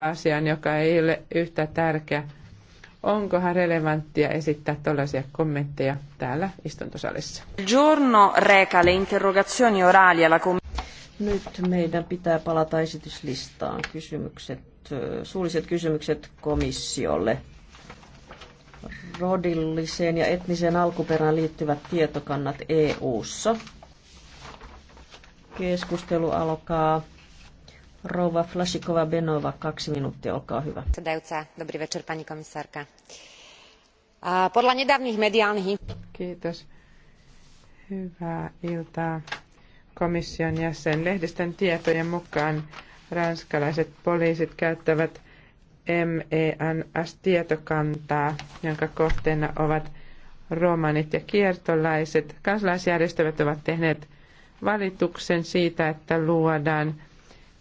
asian, joka ei ole yhtä tärkeä. Onkohan relevanttia esittää tällaisia kommentteja täällä istuntosalissa? Giorno le interrogazioni orali alla Nyt meidän pitää palata esityslistaan. Kysymykset, suulliset kysymykset komissiolle. Rodilliseen ja etniseen alkuperään liittyvät tietokannat EU-ssa. Keskustelu alkaa Rouva Flasikova Benova, kaksi minuuttia, olkaa hyvä. Dobrý večer, pani komisárka. Podľa nedávnych mediálnych... Kiitos. Hyvää iltaa komission jäsen. Lehdistön tietojen mukaan ranskalaiset poliisit käyttävät MENS-tietokantaa, jonka kohteena ovat romanit ja kiertolaiset. Kansalaisjärjestöt ovat tehneet valituksen siitä, että luodaan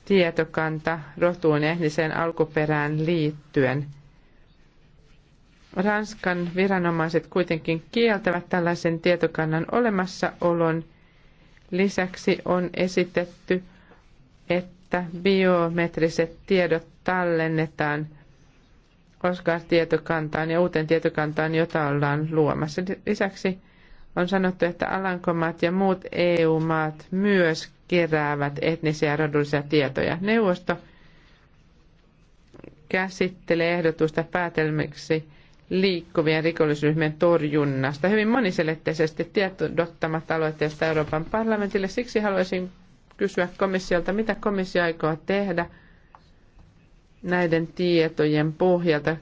tietokanta rotuun etniseen alkuperään liittyen. Ranskan viranomaiset kuitenkin kieltävät tällaisen tietokannan olemassaolon. Lisäksi on esitetty, että biometriset tiedot tallennetaan Oscar-tietokantaan ja uuteen tietokantaan, jota ollaan luomassa. Lisäksi on sanottu, että Alankomaat ja muut EU-maat myös keräävät etnisiä ja rodullisia tietoja. Neuvosto käsittelee ehdotusta päätelmiksi liikkuvien rikollisryhmien torjunnasta hyvin moniselitteisesti tiedottamatta aloitteesta Euroopan parlamentille. Siksi haluaisin kysyä komissiolta, mitä komissio aikoo tehdä näiden tietojen pohjalta.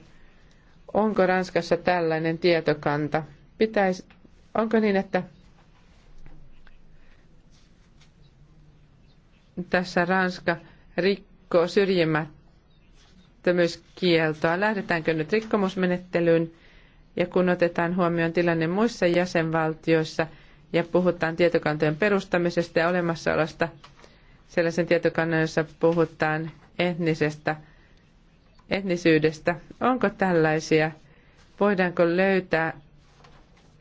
Onko Ranskassa tällainen tietokanta? Pitäisi, onko niin, että tässä Ranska rikkoo syrjimättömyyskieltoa. Lähdetäänkö nyt rikkomusmenettelyyn ja kun otetaan huomioon tilanne muissa jäsenvaltioissa ja puhutaan tietokantojen perustamisesta ja olemassaolosta sellaisen tietokannan, jossa puhutaan etnisestä, etnisyydestä, onko tällaisia, voidaanko löytää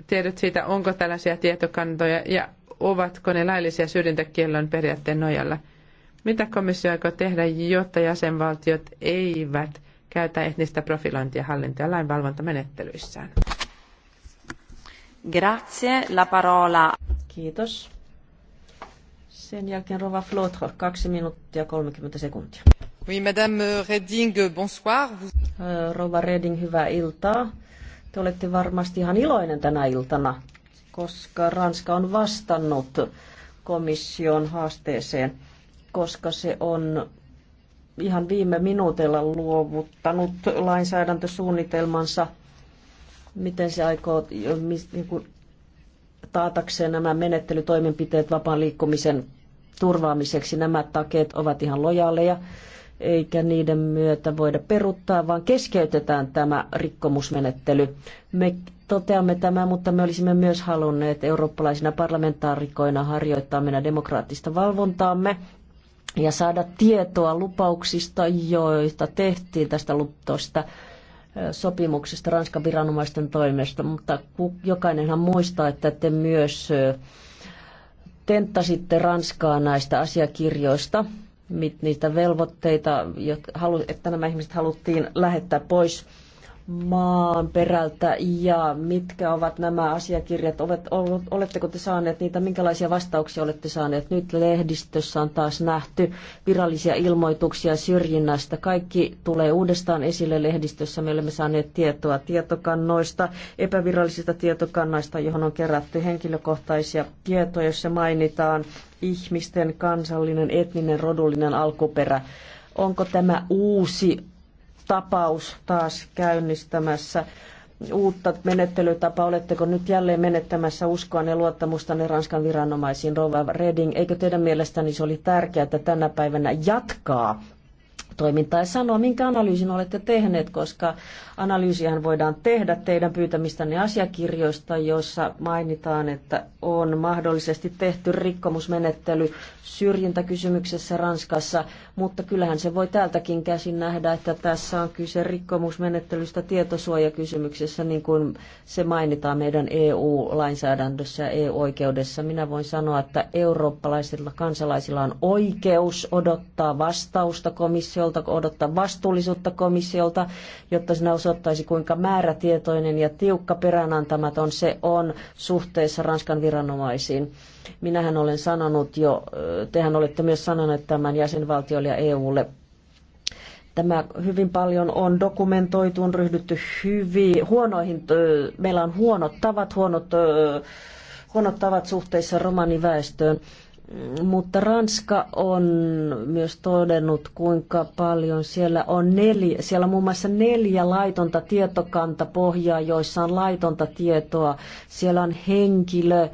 tiedot siitä, onko tällaisia tietokantoja ja ovatko ne laillisia syrjintäkiellon periaatteen nojalla. Mitä komissio aikoo tehdä, jotta jäsenvaltiot eivät käytä etnistä profilointia hallinto- ja lainvalvontamenettelyissään? Grazie, la parola. Kiitos. Sen jälkeen Rova Flotre, 2 minuuttia 30 sekuntia. Oui, Madame Reding, bonsoir. Rova Reding, hyvää iltaa. Te olette varmasti ihan iloinen tänä iltana koska Ranska on vastannut komission haasteeseen, koska se on ihan viime minuutilla luovuttanut lainsäädäntösuunnitelmansa, miten se aikoo niin kuin, taatakseen nämä menettelytoimenpiteet vapaan liikkumisen turvaamiseksi. Nämä takeet ovat ihan lojaaleja, eikä niiden myötä voida peruttaa vaan keskeytetään tämä rikkomusmenettely. Me toteamme tämän, mutta me olisimme myös halunneet eurooppalaisina parlamentaarikoina harjoittaa meidän demokraattista valvontaamme ja saada tietoa lupauksista, joita tehtiin tästä tuosta sopimuksesta Ranskan viranomaisten toimesta, mutta jokainenhan muistaa, että te myös tenttasitte Ranskaa näistä asiakirjoista, niitä velvoitteita, että nämä ihmiset haluttiin lähettää pois maan perältä ja mitkä ovat nämä asiakirjat? Oletteko te saaneet niitä? Minkälaisia vastauksia olette saaneet? Nyt lehdistössä on taas nähty virallisia ilmoituksia syrjinnästä. Kaikki tulee uudestaan esille lehdistössä. Me olemme saaneet tietoa tietokannoista, epävirallisista tietokannoista, johon on kerätty henkilökohtaisia tietoja, joissa mainitaan ihmisten kansallinen, etninen, rodullinen alkuperä. Onko tämä uusi tapaus taas käynnistämässä uutta menettelytapaa? Oletteko nyt jälleen menettämässä uskoa ja ne Ranskan viranomaisiin, Rova Reding? Eikö teidän mielestäni se oli tärkeää, että tänä päivänä jatkaa toimintaa ja sanoa, minkä analyysin olette tehneet, koska analyysihän voidaan tehdä teidän pyytämistänne asiakirjoista, joissa mainitaan, että on mahdollisesti tehty rikkomusmenettely syrjintäkysymyksessä Ranskassa, mutta kyllähän se voi täältäkin käsin nähdä, että tässä on kyse rikkomusmenettelystä tietosuojakysymyksessä, niin kuin se mainitaan meidän EU-lainsäädännössä ja EU-oikeudessa. Minä voin sanoa, että eurooppalaisilla kansalaisilla on oikeus odottaa vastausta komissio komissiolta, odottaa vastuullisuutta komissiolta, jotta sinä osoittaisi kuinka määrätietoinen ja tiukka peräänantamaton se on suhteessa Ranskan viranomaisiin. Minähän olen sanonut jo, tehän olette myös sanoneet tämän jäsenvaltiolle ja EUlle tämä hyvin paljon on dokumentoitu, on ryhdytty hyvin huonoihin, meillä on huonot tavat, huonot, huonot tavat suhteissa romaniväestöön mutta Ranska on myös todennut, kuinka paljon siellä on neljä, siellä on muun muassa neljä laitonta tietokantapohjaa, joissa on laitonta tietoa. Siellä on henkilö,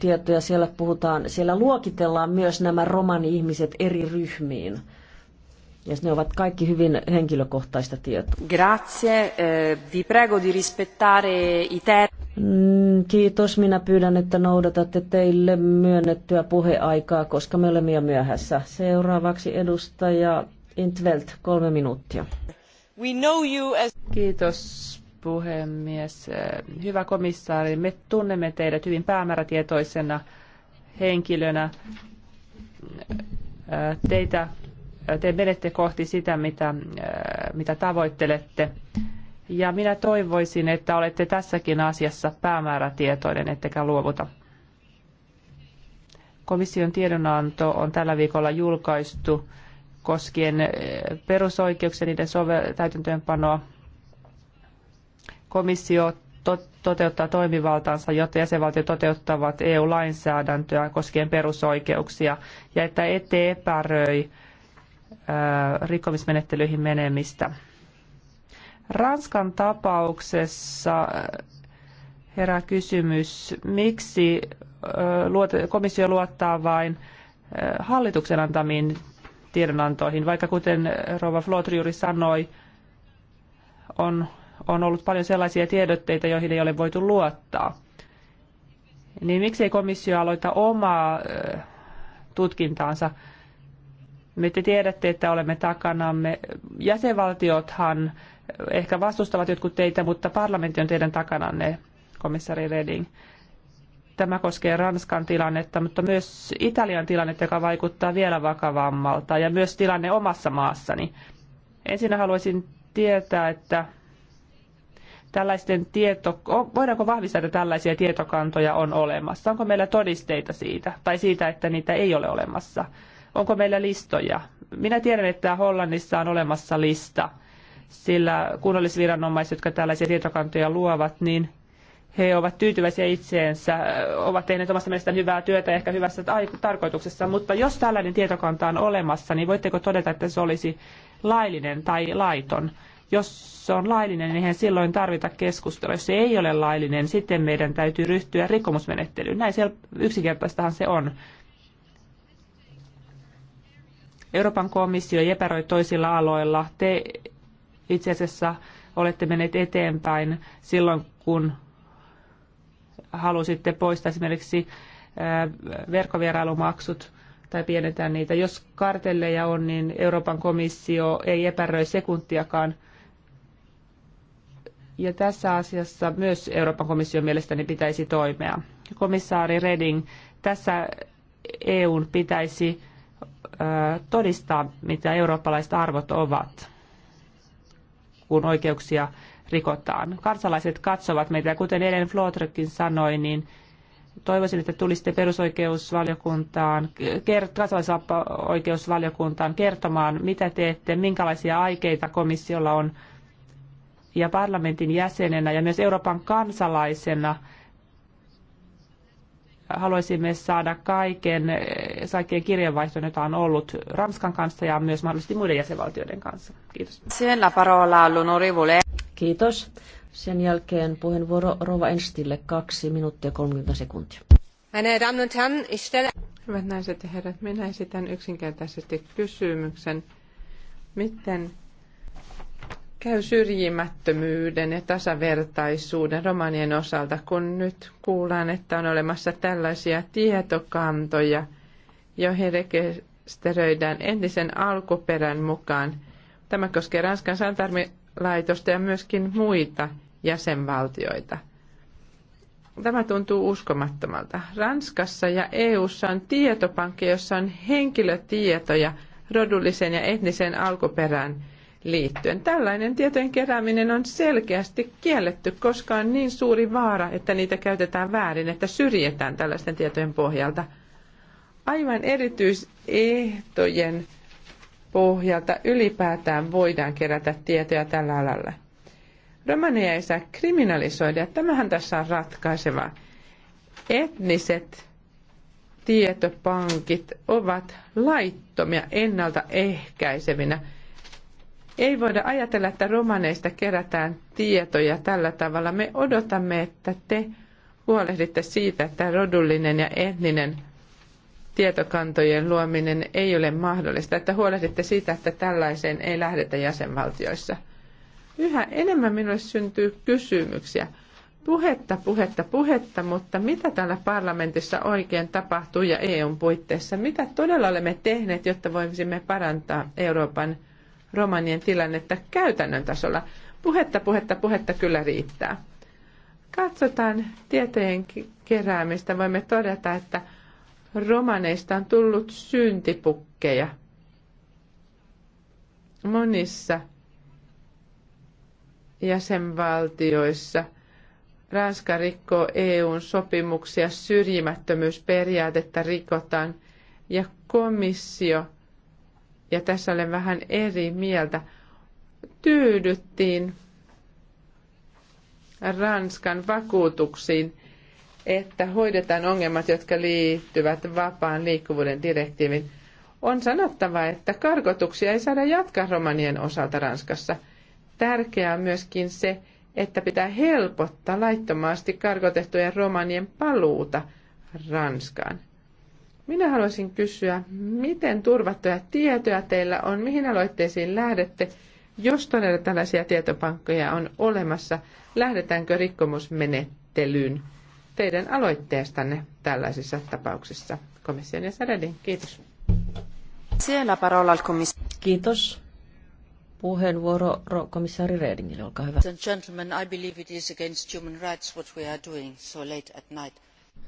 tietoja, siellä puhutaan, siellä luokitellaan myös nämä romani-ihmiset eri ryhmiin. Ja ne ovat kaikki hyvin henkilökohtaista tietoa. Grazie. Eh, vi prego di rispettare i ter- mm, Kiitos. Minä pyydän, että noudatatte teille myönnettyä puheaikaa, koska me olemme jo myöhässä. Seuraavaksi edustaja Intveld, kolme minuuttia. We know you as... Kiitos puhemies. Eh, hyvä komissaari, me tunnemme teidät hyvin päämäärätietoisena henkilönä. Eh, teitä te menette kohti sitä, mitä, äh, mitä tavoittelette. Ja minä toivoisin, että olette tässäkin asiassa päämäärätietoinen, ettekä luovuta. Komission tiedonanto on tällä viikolla julkaistu koskien äh, perusoikeuksia niiden sove- täytäntöönpanoa. Komissio to- toteuttaa toimivaltaansa, jotta jäsenvaltiot toteuttavat EU-lainsäädäntöä koskien perusoikeuksia ja että ette epäröi Äh, rikkomismenettelyihin menemistä. Ranskan tapauksessa äh, herää kysymys, miksi äh, komissio luottaa vain hallituksen antamiin tiedonantoihin, vaikka kuten Rova Flotri juuri sanoi, on, on ollut paljon sellaisia tiedotteita, joihin ei ole voitu luottaa. Niin miksi ei komissio aloita omaa tutkintaansa me te tiedätte, että olemme takanamme. Jäsenvaltiothan ehkä vastustavat jotkut teitä, mutta parlamentti on teidän takananne, komissari Reding. Tämä koskee Ranskan tilannetta, mutta myös Italian tilannetta, joka vaikuttaa vielä vakavammalta, ja myös tilanne omassa maassani. Ensin haluaisin tietää, että tällaisten tieto, voidaanko vahvistaa, että tällaisia tietokantoja on olemassa? Onko meillä todisteita siitä tai siitä, että niitä ei ole olemassa? Onko meillä listoja? Minä tiedän, että Hollannissa on olemassa lista, sillä kunnallisviranomaiset, jotka tällaisia tietokantoja luovat, niin he ovat tyytyväisiä itseensä, ovat tehneet omasta mielestään hyvää työtä ehkä hyvässä tarkoituksessa, mutta jos tällainen tietokanta on olemassa, niin voitteko todeta, että se olisi laillinen tai laiton? Jos se on laillinen, niin eihän silloin tarvita keskustelua. Jos se ei ole laillinen, sitten meidän täytyy ryhtyä rikkomusmenettelyyn. Näin yksinkertaistahan se on. Euroopan komissio jeperoi toisilla aloilla. Te itse asiassa olette menneet eteenpäin silloin, kun halusitte poistaa esimerkiksi äh, verkkovierailumaksut tai pienetään niitä. Jos kartelleja on, niin Euroopan komissio ei epäröi sekuntiakaan. Ja tässä asiassa myös Euroopan komissio mielestäni pitäisi toimia. Komissaari Reding, tässä EUn pitäisi todistaa, mitä eurooppalaiset arvot ovat, kun oikeuksia rikotaan. Kansalaiset katsovat meitä, ja kuten Ellen Flotrekin sanoi, niin toivoisin, että tulisitte perusoikeusvaliokuntaan, kansalaisoikeusvaliokuntaan kertomaan, mitä teette, minkälaisia aikeita komissiolla on, ja parlamentin jäsenenä ja myös Euroopan kansalaisena – haluaisimme saada kaiken, kaikkien kirjeenvaihdon, jota on ollut Ranskan kanssa ja myös mahdollisesti muiden jäsenvaltioiden kanssa. Kiitos. Siellä parola Kiitos. Sen jälkeen puheenvuoro Rova Enstille 2 minuuttia 30 sekuntia. Hyvät naiset ja herrat, minä esitän yksinkertaisesti kysymyksen, miten käy syrjimättömyyden ja tasavertaisuuden romanien osalta, kun nyt kuullaan, että on olemassa tällaisia tietokantoja, joihin rekisteröidään entisen alkuperän mukaan. Tämä koskee Ranskan santarmilaitosta ja myöskin muita jäsenvaltioita. Tämä tuntuu uskomattomalta. Ranskassa ja EU:ssa on tietopankki, jossa on henkilötietoja rodullisen ja etnisen alkuperän liittyen. Tällainen tietojen kerääminen on selkeästi kielletty, koska on niin suuri vaara, että niitä käytetään väärin, että syrjetään tällaisten tietojen pohjalta. Aivan erityisehtojen pohjalta ylipäätään voidaan kerätä tietoja tällä alalla. Romaneja ei saa kriminalisoida, ja tämähän tässä on ratkaisevaa. Etniset tietopankit ovat laittomia ennaltaehkäisevinä ehkäisevinä ei voida ajatella, että romaneista kerätään tietoja tällä tavalla. Me odotamme, että te huolehditte siitä, että rodullinen ja etninen tietokantojen luominen ei ole mahdollista, että huolehditte siitä, että tällaiseen ei lähdetä jäsenvaltioissa. Yhä enemmän minulle syntyy kysymyksiä. Puhetta, puhetta, puhetta, mutta mitä täällä parlamentissa oikein tapahtuu ja EUn puitteissa? Mitä todella olemme tehneet, jotta voisimme parantaa Euroopan romanien tilannetta käytännön tasolla. Puhetta, puhetta, puhetta kyllä riittää. Katsotaan tietojen keräämistä. Voimme todeta, että romaneista on tullut syntipukkeja monissa jäsenvaltioissa. Ranska rikkoo EUn sopimuksia, syrjimättömyysperiaatetta rikotaan ja komissio – ja tässä olen vähän eri mieltä, tyydyttiin Ranskan vakuutuksiin, että hoidetaan ongelmat, jotka liittyvät vapaan liikkuvuuden direktiivin. On sanottava, että karkotuksia ei saada jatkaa romanien osalta Ranskassa. Tärkeää on myöskin se, että pitää helpottaa laittomasti karkotettujen romanien paluuta Ranskaan. Minä haluaisin kysyä, miten turvattuja tietoja teillä on, mihin aloitteisiin lähdette, jos todella tällaisia tietopankkoja on olemassa, lähdetäänkö rikkomusmenettelyyn teidän aloitteestanne tällaisissa tapauksissa? Komission ja Redin, kiitos. Siellä parola al Kiitos. Puheenvuoro komissaari Redingille, olkaa hyvä. Gentlemen, I believe it is against human rights what we are doing so late at night.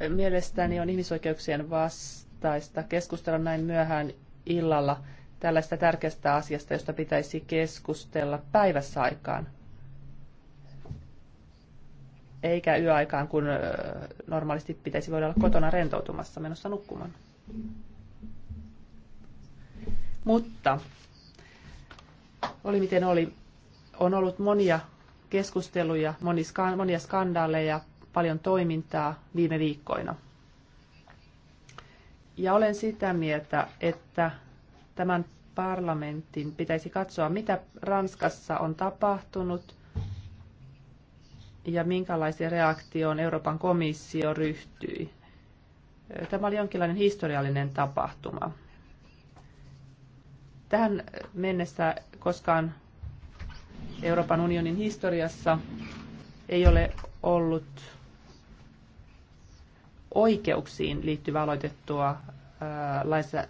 Mielestäni on ihmisoikeuksien vasta yksinkertaista keskustella näin myöhään illalla tällaista tärkeästä asiasta, josta pitäisi keskustella päivässä aikaan. Eikä yöaikaan, kun normaalisti pitäisi voida olla kotona rentoutumassa, menossa nukkumaan. Mutta oli miten oli. On ollut monia keskusteluja, monia skandaaleja, paljon toimintaa viime viikkoina – ja olen sitä mieltä, että tämän parlamentin pitäisi katsoa, mitä Ranskassa on tapahtunut ja minkälaisia reaktioon Euroopan komissio ryhtyi. Tämä oli jonkinlainen historiallinen tapahtuma. Tähän mennessä koskaan Euroopan unionin historiassa ei ole ollut oikeuksiin liittyvä aloitettua lainsä,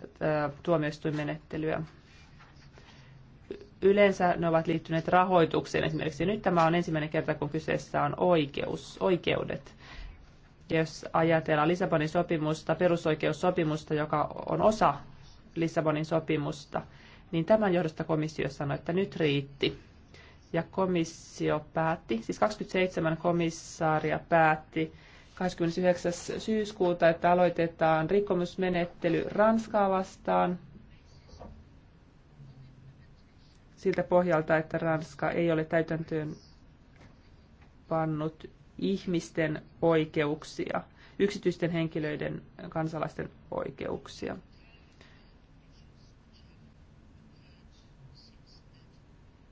tuomioistuinmenettelyä. Yleensä ne ovat liittyneet rahoitukseen esimerkiksi. Nyt tämä on ensimmäinen kerta, kun kyseessä on oikeus, oikeudet. Ja jos ajatellaan Lissabonin sopimusta, perusoikeussopimusta, joka on osa Lissabonin sopimusta, niin tämän johdosta komissio sanoi, että nyt riitti. Ja komissio päätti, siis 27 komissaaria päätti 29. syyskuuta, että aloitetaan rikkomusmenettely Ranskaa vastaan siltä pohjalta, että Ranska ei ole täytäntöön pannut ihmisten oikeuksia, yksityisten henkilöiden kansalaisten oikeuksia.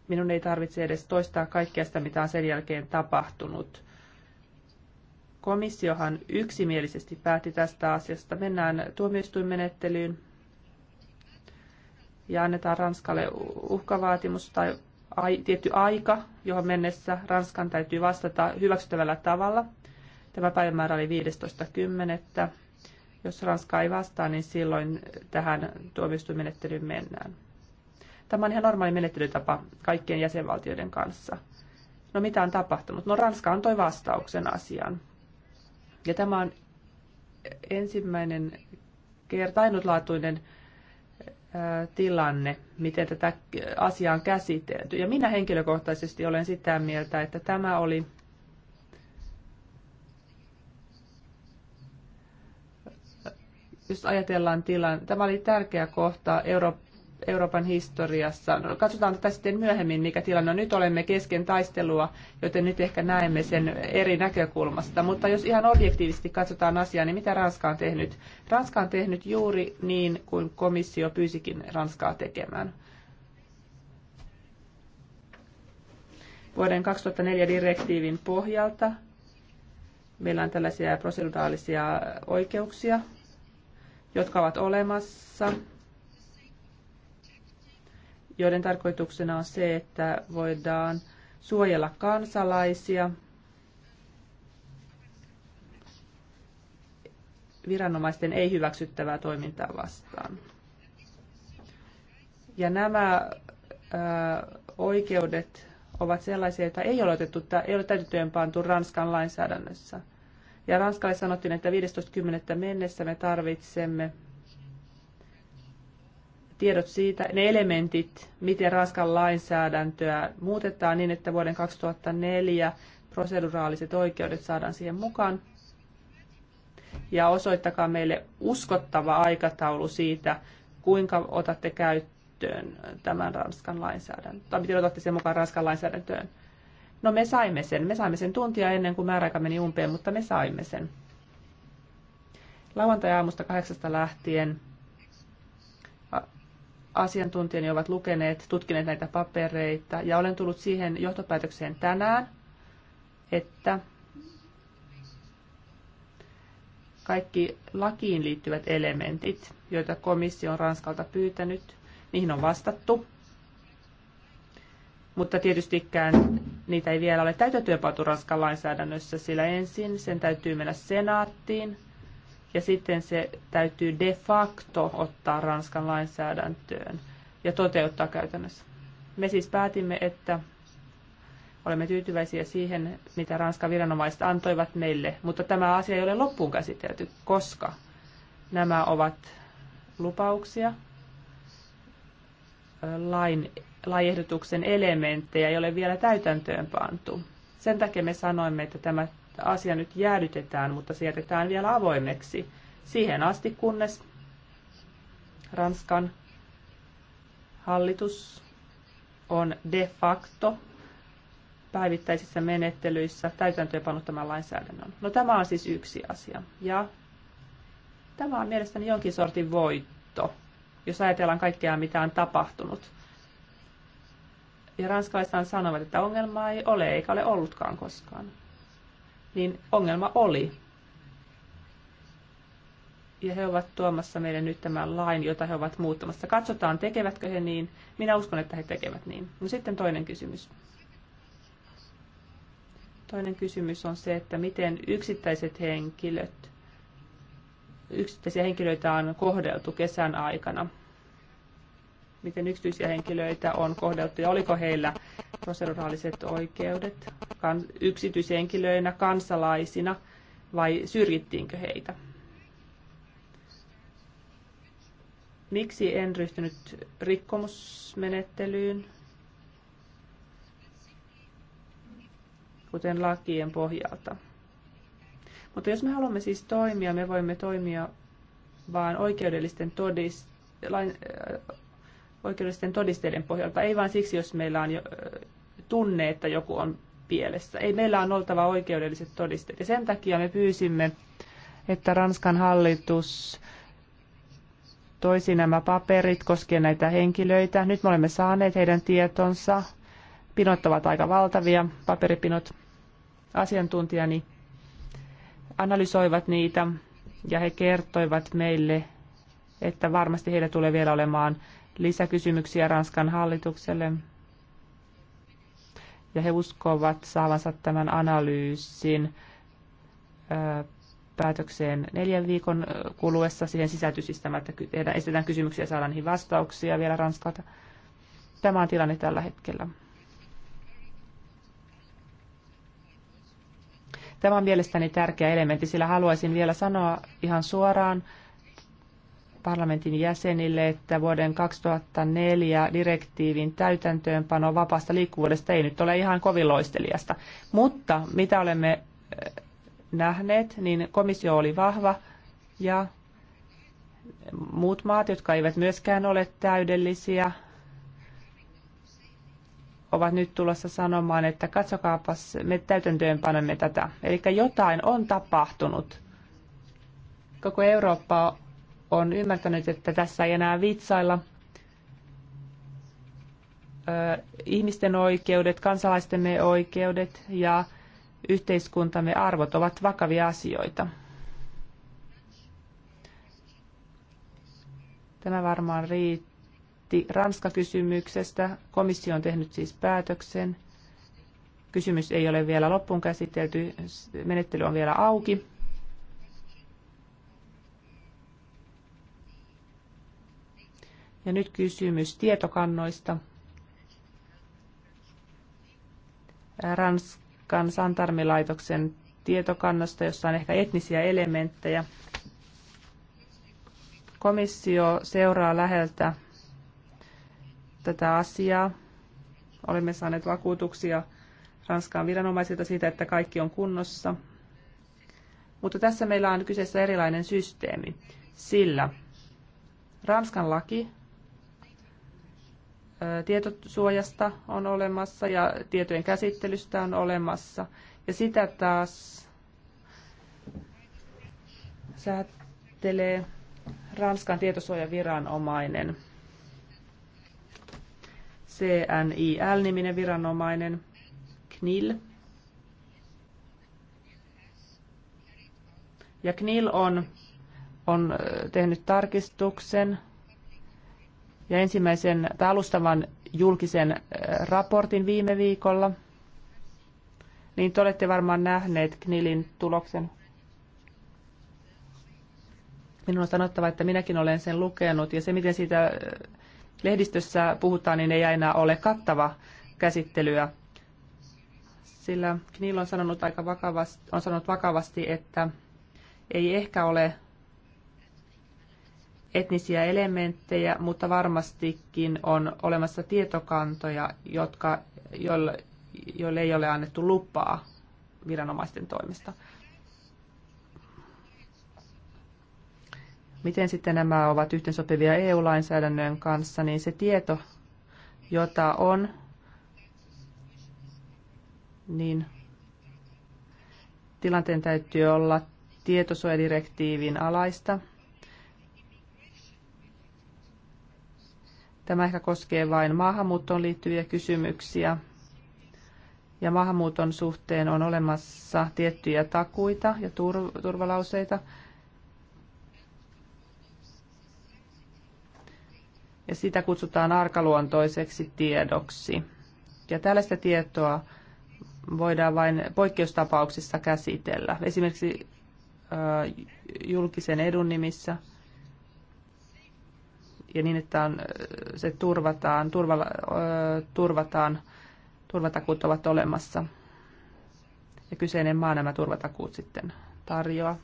Minun ei tarvitse edes toistaa kaikkea sitä, mitä on sen jälkeen tapahtunut. Komissiohan yksimielisesti päätti tästä asiasta. Mennään tuomioistuinmenettelyyn ja annetaan Ranskalle uhkavaatimus tai ai, tietty aika, johon mennessä Ranskan täytyy vastata hyväksyttävällä tavalla. Tämä päivämäärä oli 15.10. Jos Ranska ei vastaa, niin silloin tähän tuomioistuinmenettelyyn mennään. Tämä on ihan normaali menettelytapa kaikkien jäsenvaltioiden kanssa. No mitä on tapahtunut? No Ranska antoi vastauksen asiaan. Ja tämä on ensimmäinen kerta ainutlaatuinen tilanne, miten tätä asiaa on käsitelty. Ja minä henkilökohtaisesti olen sitä mieltä, että tämä oli jos ajatellaan tilan, tämä oli tärkeä kohta Euro, Euroopan historiassa. No, katsotaan tätä sitten myöhemmin, mikä tilanne on. Nyt olemme kesken taistelua, joten nyt ehkä näemme sen eri näkökulmasta. Mutta jos ihan objektiivisesti katsotaan asiaa, niin mitä Ranska on tehnyt? Ranska on tehnyt juuri niin kuin komissio pyysikin Ranskaa tekemään. Vuoden 2004 direktiivin pohjalta meillä on tällaisia proseduraalisia oikeuksia, jotka ovat olemassa – joiden tarkoituksena on se, että voidaan suojella kansalaisia viranomaisten ei hyväksyttävää toimintaa vastaan. Ja nämä ää, oikeudet ovat sellaisia, joita ei ole, otettu, ei ole täytettyjen pantu Ranskan lainsäädännössä. Ja Ranskalle sanottiin, että 15.10. mennessä me tarvitsemme tiedot siitä, ne elementit, miten Ranskan lainsäädäntöä muutetaan niin, että vuoden 2004 proseduraaliset oikeudet saadaan siihen mukaan. Ja osoittakaa meille uskottava aikataulu siitä, kuinka otatte käyttöön tämän Ranskan lainsäädäntöön, tai miten otatte sen mukaan Ranskan lainsäädäntöön. No me saimme sen. Me saimme sen tuntia ennen kuin määräaika meni umpeen, mutta me saimme sen. Lauantai-aamusta kahdeksasta lähtien asiantuntijani ovat lukeneet, tutkineet näitä papereita ja olen tullut siihen johtopäätökseen tänään, että kaikki lakiin liittyvät elementit, joita komissio on Ranskalta pyytänyt, niihin on vastattu. Mutta tietystikään niitä ei vielä ole täytäntöönpantu Ranskan lainsäädännössä, sillä ensin sen täytyy mennä senaattiin – ja sitten se täytyy de facto ottaa Ranskan lainsäädäntöön ja toteuttaa käytännössä. Me siis päätimme, että olemme tyytyväisiä siihen, mitä Ranskan viranomaiset antoivat meille, mutta tämä asia ei ole loppuun käsitelty, koska nämä ovat lupauksia, lain, lainehdotuksen elementtejä ei ole vielä täytäntöön pantu. Sen takia me sanoimme, että tämä asia nyt jäädytetään, mutta se jätetään vielä avoimeksi siihen asti, kunnes Ranskan hallitus on de facto päivittäisissä menettelyissä täytäntöönpannut tämän lainsäädännön. No tämä on siis yksi asia. Ja tämä on mielestäni jonkin sortin voitto, jos ajatellaan kaikkea, mitä on tapahtunut. Ja ranskalaiset sanovat, että ongelmaa ei ole eikä ole ollutkaan koskaan niin ongelma oli. Ja he ovat tuomassa meille nyt tämän lain, jota he ovat muuttamassa. Katsotaan, tekevätkö he niin. Minä uskon, että he tekevät niin. No sitten toinen kysymys. Toinen kysymys on se, että miten yksittäiset henkilöt, yksittäisiä henkilöitä on kohdeltu kesän aikana miten yksityisiä henkilöitä on kohdeltu ja oliko heillä proseduraaliset oikeudet kan, yksityishenkilöinä, kansalaisina vai syrjittiinkö heitä. Miksi en ryhtynyt rikkomusmenettelyyn, kuten lakien pohjalta? Mutta jos me haluamme siis toimia, me voimme toimia vain oikeudellisten todist- lain, oikeudellisten todisteiden pohjalta, ei vain siksi, jos meillä on jo, tunne, että joku on pielessä. Ei meillä on oltava oikeudelliset todisteet. Ja sen takia me pyysimme, että Ranskan hallitus toisi nämä paperit koskien näitä henkilöitä. Nyt me olemme saaneet heidän tietonsa. Pinot ovat aika valtavia, paperipinot. Asiantuntijani analysoivat niitä ja he kertoivat meille, että varmasti heillä tulee vielä olemaan lisäkysymyksiä Ranskan hallitukselle. Ja he uskovat saavansa tämän analyysin päätökseen neljän viikon kuluessa. Siihen sisältyy siis tämä, että esitetään kysymyksiä ja saadaan niihin vastauksia vielä Ranskalta. Tämä on tilanne tällä hetkellä. Tämä on mielestäni tärkeä elementti, sillä haluaisin vielä sanoa ihan suoraan, parlamentin jäsenille, että vuoden 2004 direktiivin täytäntöönpano vapaasta liikkuvuudesta ei nyt ole ihan kovin loistelijasta. Mutta mitä olemme nähneet, niin komissio oli vahva ja muut maat, jotka eivät myöskään ole täydellisiä, ovat nyt tulossa sanomaan, että katsokaapas, me täytäntöönpanemme tätä. Eli jotain on tapahtunut. Koko Eurooppa on ymmärtänyt, että tässä ei enää vitsailla. Ihmisten oikeudet, kansalaistemme oikeudet ja yhteiskuntamme arvot ovat vakavia asioita. Tämä varmaan riitti Ranska-kysymyksestä. Komissio on tehnyt siis päätöksen. Kysymys ei ole vielä loppuun käsitelty. Menettely on vielä auki. Ja nyt kysymys tietokannoista. Ranskan Santarmilaitoksen tietokannasta, jossa on ehkä etnisiä elementtejä. Komissio seuraa läheltä tätä asiaa. Olemme saaneet vakuutuksia Ranskan viranomaisilta siitä, että kaikki on kunnossa. Mutta tässä meillä on kyseessä erilainen systeemi, sillä Ranskan laki tietosuojasta on olemassa ja tietojen käsittelystä on olemassa. Ja sitä taas säätelee Ranskan tietosuojaviranomainen, CNIL-niminen viranomainen, CNIL. Ja CNIL on, on tehnyt tarkistuksen ja ensimmäisen tai alustavan julkisen äh, raportin viime viikolla, niin te olette varmaan nähneet Knilin tuloksen. Minun on sanottava, että minäkin olen sen lukenut ja se, miten siitä äh, lehdistössä puhutaan, niin ei aina ole kattava käsittelyä. Sillä Knil on sanonut aika vakavasti, on sanonut vakavasti, että ei ehkä ole etnisiä elementtejä, mutta varmastikin on olemassa tietokantoja, jotka, joille, joille ei ole annettu lupaa viranomaisten toimesta. Miten sitten nämä ovat yhteensopivia EU-lainsäädännön kanssa, niin se tieto, jota on, niin tilanteen täytyy olla tietosuojadirektiivin alaista – Tämä ehkä koskee vain maahanmuuttoon liittyviä kysymyksiä. Ja maahanmuuton suhteen on olemassa tiettyjä takuita ja turvalauseita. Ja sitä kutsutaan arkaluontoiseksi tiedoksi. Ja tällaista tietoa voidaan vain poikkeustapauksissa käsitellä. Esimerkiksi julkisen edun nimissä – ja niin, että on, se turvataan, turva, turvataan, turvatakuut ovat olemassa. Ja kyseinen maa nämä turvatakuut sitten tarjoaa.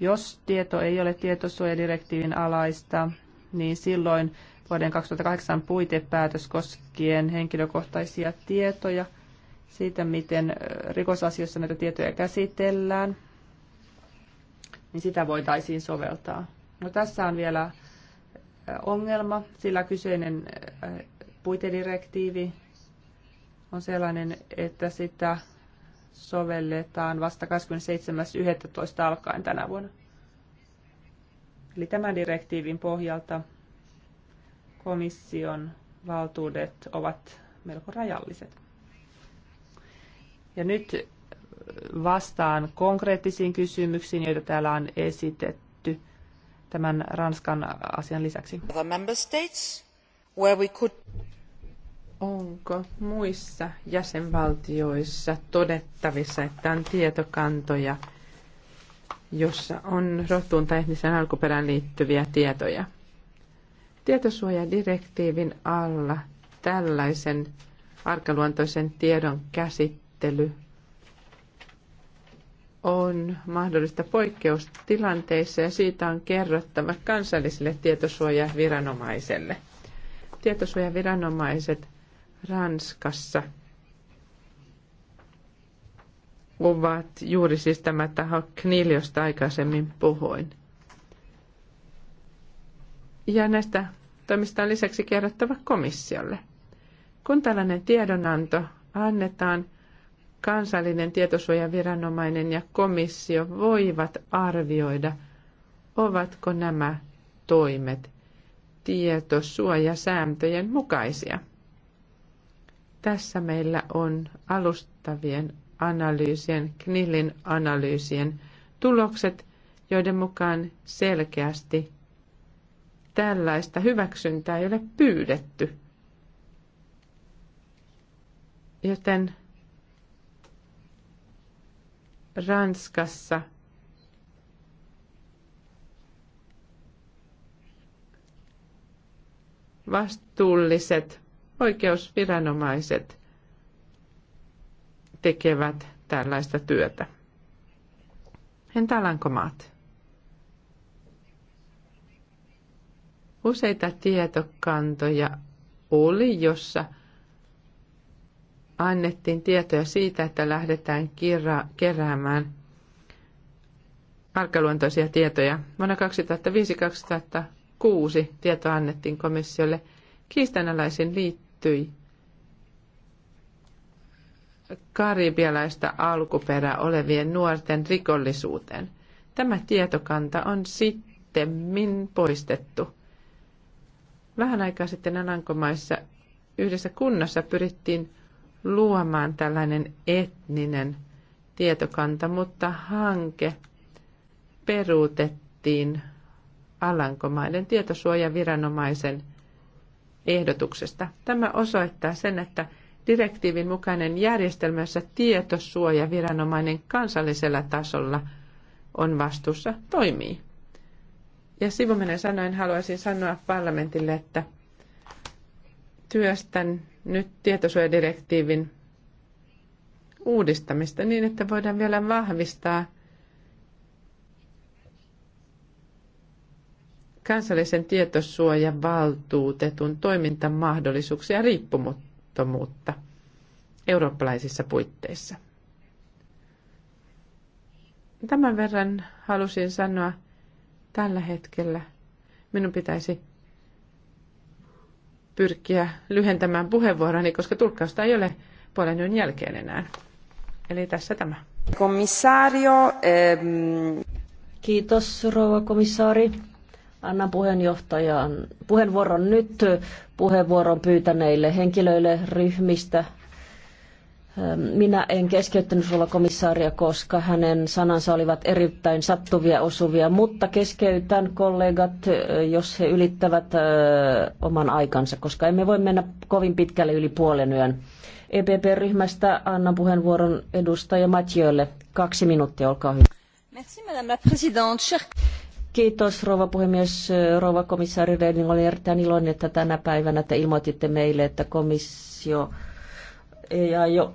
Jos tieto ei ole tietosuojadirektiivin alaista, niin silloin vuoden 2008 puitepäätös koskien henkilökohtaisia tietoja siitä, miten rikosasioissa näitä tietoja käsitellään – niin sitä voitaisiin soveltaa. No tässä on vielä ongelma, sillä kyseinen puitedirektiivi on sellainen, että sitä sovelletaan vasta 27.11. alkaen tänä vuonna. Eli tämän direktiivin pohjalta komission valtuudet ovat melko rajalliset. Ja nyt vastaan konkreettisiin kysymyksiin, joita täällä on esitetty tämän Ranskan asian lisäksi. Onko muissa jäsenvaltioissa todettavissa, että on tietokantoja, jossa on rotuun tai etnisen alkuperään liittyviä tietoja? Tietosuojadirektiivin alla tällaisen arkaluontoisen tiedon käsittely on mahdollista poikkeustilanteissa ja siitä on kerrottava kansalliselle tietosuojaviranomaiselle. Tietosuojaviranomaiset Ranskassa ovat juuri siis tämä taho Knil, josta aikaisemmin puhuin. Ja näistä toimista on lisäksi kerrottava komissiolle. Kun tällainen tiedonanto annetaan, kansallinen tietosuojaviranomainen ja komissio voivat arvioida, ovatko nämä toimet tietosuojasääntöjen mukaisia. Tässä meillä on alustavien analyysien, Knillin analyysien tulokset, joiden mukaan selkeästi tällaista hyväksyntää ei ole pyydetty. Joten Ranskassa vastuulliset oikeusviranomaiset tekevät tällaista työtä. Entä Alankomaat? Useita tietokantoja oli, jossa – annettiin tietoja siitä, että lähdetään kirra, keräämään arkaluontoisia tietoja. Vuonna 2005-2006 tieto annettiin komissiolle. Kiistanalaisin liittyi karibialaista alkuperää olevien nuorten rikollisuuteen. Tämä tietokanta on sitten poistettu. Vähän aikaa sitten Anankomaissa yhdessä kunnassa pyrittiin luomaan tällainen etninen tietokanta, mutta hanke peruutettiin Alankomaiden tietosuojaviranomaisen ehdotuksesta. Tämä osoittaa sen, että direktiivin mukainen järjestelmä, jossa tietosuojaviranomainen kansallisella tasolla on vastuussa, toimii. Ja sivuminen sanoen haluaisin sanoa parlamentille, että työstän nyt tietosuojadirektiivin uudistamista niin, että voidaan vielä vahvistaa kansallisen tietosuojavaltuutetun toimintamahdollisuuksia ja riippumattomuutta eurooppalaisissa puitteissa. Tämän verran halusin sanoa tällä hetkellä. Minun pitäisi pyrkiä lyhentämään puheenvuoroni, koska tulkkausta ei ole puolen yön jälkeen enää. Eli tässä tämä. Komissaario. Ehm... Kiitos, rouva komissaari. Annan puheenjohtajan puheenvuoron nyt puheenvuoron pyytäneille henkilöille ryhmistä, minä en keskeyttänyt sulla komissaaria, koska hänen sanansa olivat erittäin sattuvia osuvia, mutta keskeytän kollegat, jos he ylittävät oman aikansa, koska emme voi mennä kovin pitkälle yli puolen yön. EPP-ryhmästä annan puheenvuoron edustaja Mathieulle. Kaksi minuuttia, olkaa hyvä. Merci, madame la présidente. Kiitos rouva puhemies, rouva komissaari Reding. Olen erittäin iloinen, että tänä päivänä te ilmoititte meille, että komissio ei aio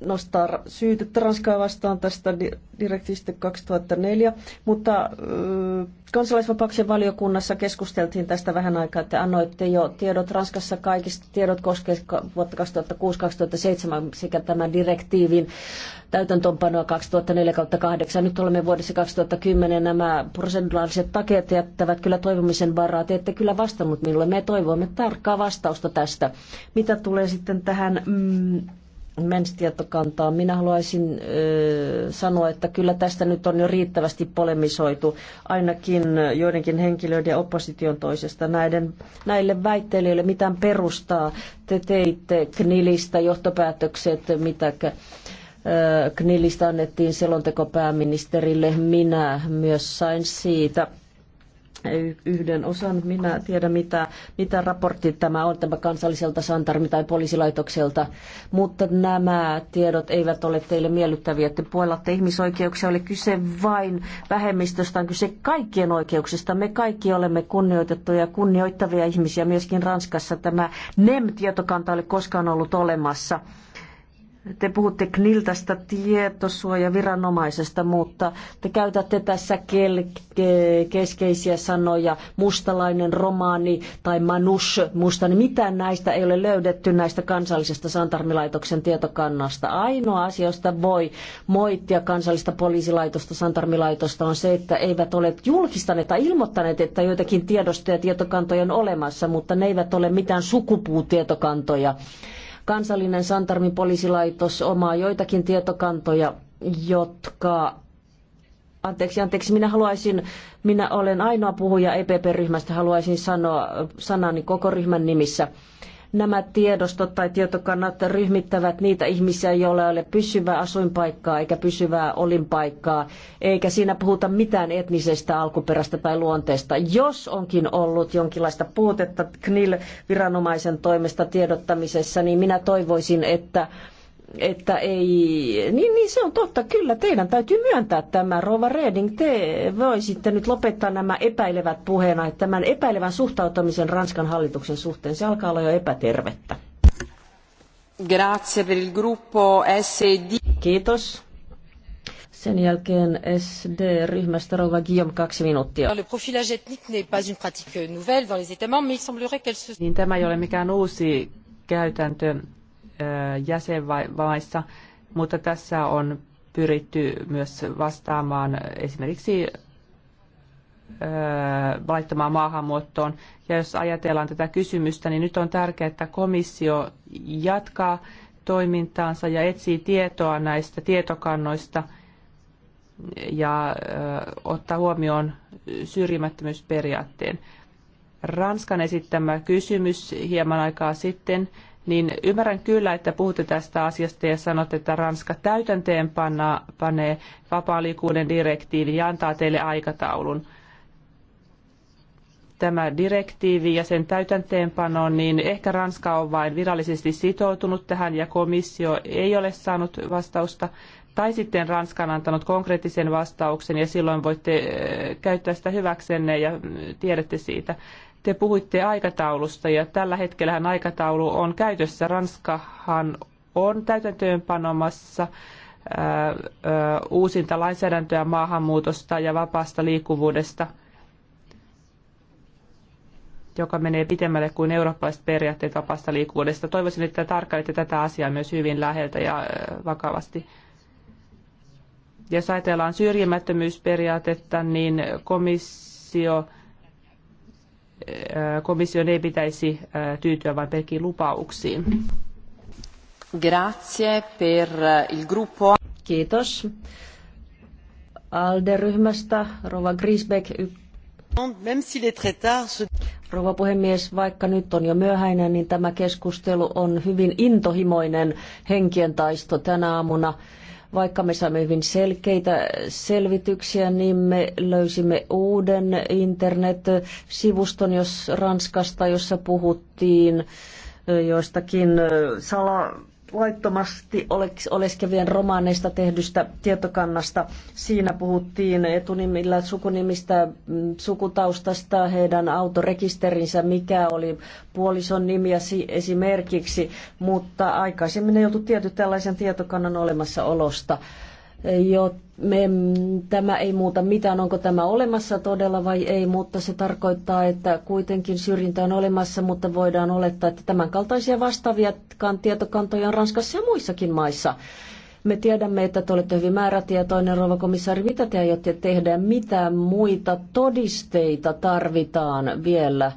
nostaa syytettä Ranskaa vastaan tästä direktiivistä 2004, mutta kansalaisvapauksien valiokunnassa keskusteltiin tästä vähän aikaa, että annoitte jo tiedot Ranskassa kaikista, tiedot koskevat vuotta 2006-2007 sekä tämän direktiivin täytäntöönpanoa 2004-2008. Nyt olemme vuodessa 2010, nämä prosentuaaliset takeet jättävät kyllä toivomisen varaa. Te ette kyllä vastannut minulle, me toivomme tarkkaa vastausta tästä. Mitä tulee sitten tähän... Mm, menstietokantaa. Minä haluaisin ö, sanoa, että kyllä tästä nyt on jo riittävästi polemisoitu ainakin joidenkin henkilöiden ja opposition toisesta. Näiden, näille väitteille ei ole mitään perustaa. Te teitte Knilistä johtopäätökset, mitä ö, Knilistä annettiin pääministerille. Minä myös sain siitä yhden osan. Minä tiedän, mitä, mitä raportti tämä on, tämä kansalliselta santarmi- tai poliisilaitokselta, mutta nämä tiedot eivät ole teille miellyttäviä. Te puolatte ihmisoikeuksia, oli kyse vain vähemmistöstä, on kyse kaikkien oikeuksista. Me kaikki olemme kunnioitettuja ja kunnioittavia ihmisiä, myöskin Ranskassa tämä NEM-tietokanta oli koskaan ollut olemassa. Te puhutte Kniltasta tietosuojaviranomaisesta, mutta te käytätte tässä keskeisiä sanoja mustalainen, romaani tai manus, musta, niin mitään näistä ei ole löydetty näistä kansallisesta Santarmilaitoksen tietokannasta. Ainoa asia, josta voi moittia kansallista poliisilaitosta, Santarmilaitosta, on se, että eivät ole julkistaneet tai ilmoittaneet, että joitakin tiedostoja tietokantoja on olemassa, mutta ne eivät ole mitään sukupuutietokantoja. Kansallinen Santarmin poliisilaitos omaa joitakin tietokantoja, jotka anteeksi, anteeksi, minä haluaisin, minä olen ainoa puhuja EPP-ryhmästä, haluaisin sanoa sanani koko ryhmän nimissä nämä tiedostot tai tietokannat ryhmittävät niitä ihmisiä, joilla ei ole pysyvää asuinpaikkaa eikä pysyvää olinpaikkaa, eikä siinä puhuta mitään etnisestä alkuperästä tai luonteesta. Jos onkin ollut jonkinlaista puutetta cnil viranomaisen toimesta tiedottamisessa, niin minä toivoisin, että että ei, niin, niin se on totta, kyllä teidän täytyy myöntää tämä, Rova Reding, te voisitte nyt lopettaa nämä epäilevät puheena, että tämän epäilevän suhtautumisen Ranskan hallituksen suhteen, se alkaa olla jo epätervettä. Grazie per il gruppo SD. Kiitos. Sen jälkeen SD-ryhmästä rova Guillaume kaksi minuuttia. Le profilage ethnique n'est pas une pratique nouvelle dans les États membres, mais il semblerait qu'elle se... Niin tämä ei ole mikään uusi käytäntö jäsenmaissa, mutta tässä on pyritty myös vastaamaan esimerkiksi laittamaan maahanmuuttoon. Ja jos ajatellaan tätä kysymystä, niin nyt on tärkeää, että komissio jatkaa toimintaansa ja etsii tietoa näistä tietokannoista ja ottaa huomioon syrjimättömyysperiaatteen. Ranskan esittämä kysymys hieman aikaa sitten niin ymmärrän kyllä, että puhutte tästä asiasta ja sanotte, että Ranska täytänteen panee vapaa-liikkuuden direktiivin ja antaa teille aikataulun. Tämä direktiivi ja sen täytäntöönpano, niin ehkä Ranska on vain virallisesti sitoutunut tähän ja komissio ei ole saanut vastausta. Tai sitten Ranska on antanut konkreettisen vastauksen ja silloin voitte eh, käyttää sitä hyväksenne ja mm, tiedätte siitä. Te puhuitte aikataulusta ja tällä hetkellähän aikataulu on käytössä. Ranskahan on täytäntöönpanomassa äh, äh, uusinta lainsäädäntöä maahanmuutosta ja vapaasta liikkuvuudesta, joka menee pitemmälle kuin eurooppalaiset periaatteet vapaasta liikkuvuudesta. Toivoisin, että tarkkailette tätä asiaa myös hyvin läheltä ja äh, vakavasti. Jos ajatellaan syrjimättömyysperiaatetta, niin komissio komission ei pitäisi tyytyä vain pelkiin lupauksiin. Grazie per il gruppo. Kiitos. ALDE-ryhmästä Rova Grisbeck. Rouva puhemies, vaikka nyt on jo myöhäinen, niin tämä keskustelu on hyvin intohimoinen henkien taisto tänä aamuna. Vaikka me saimme hyvin selkeitä selvityksiä, niin me löysimme uuden internet-sivuston jos Ranskasta, jossa puhuttiin joistakin sala laittomasti oleskevien romaaneista tehdystä tietokannasta. Siinä puhuttiin etunimillä, sukunimistä, mm, sukutaustasta, heidän autorekisterinsä, mikä oli puolison nimi esimerkiksi, mutta aikaisemmin ei oltu tietty tällaisen tietokannan olemassaolosta jo me, tämä ei muuta mitään, onko tämä olemassa todella vai ei, mutta se tarkoittaa, että kuitenkin syrjintä on olemassa, mutta voidaan olettaa, että tämänkaltaisia vastaavia tietokantoja on Ranskassa ja muissakin maissa. Me tiedämme, että te olette hyvin määrätietoinen, rouva komissaari. Mitä te aiotte tehdä? Mitä muita todisteita tarvitaan vielä?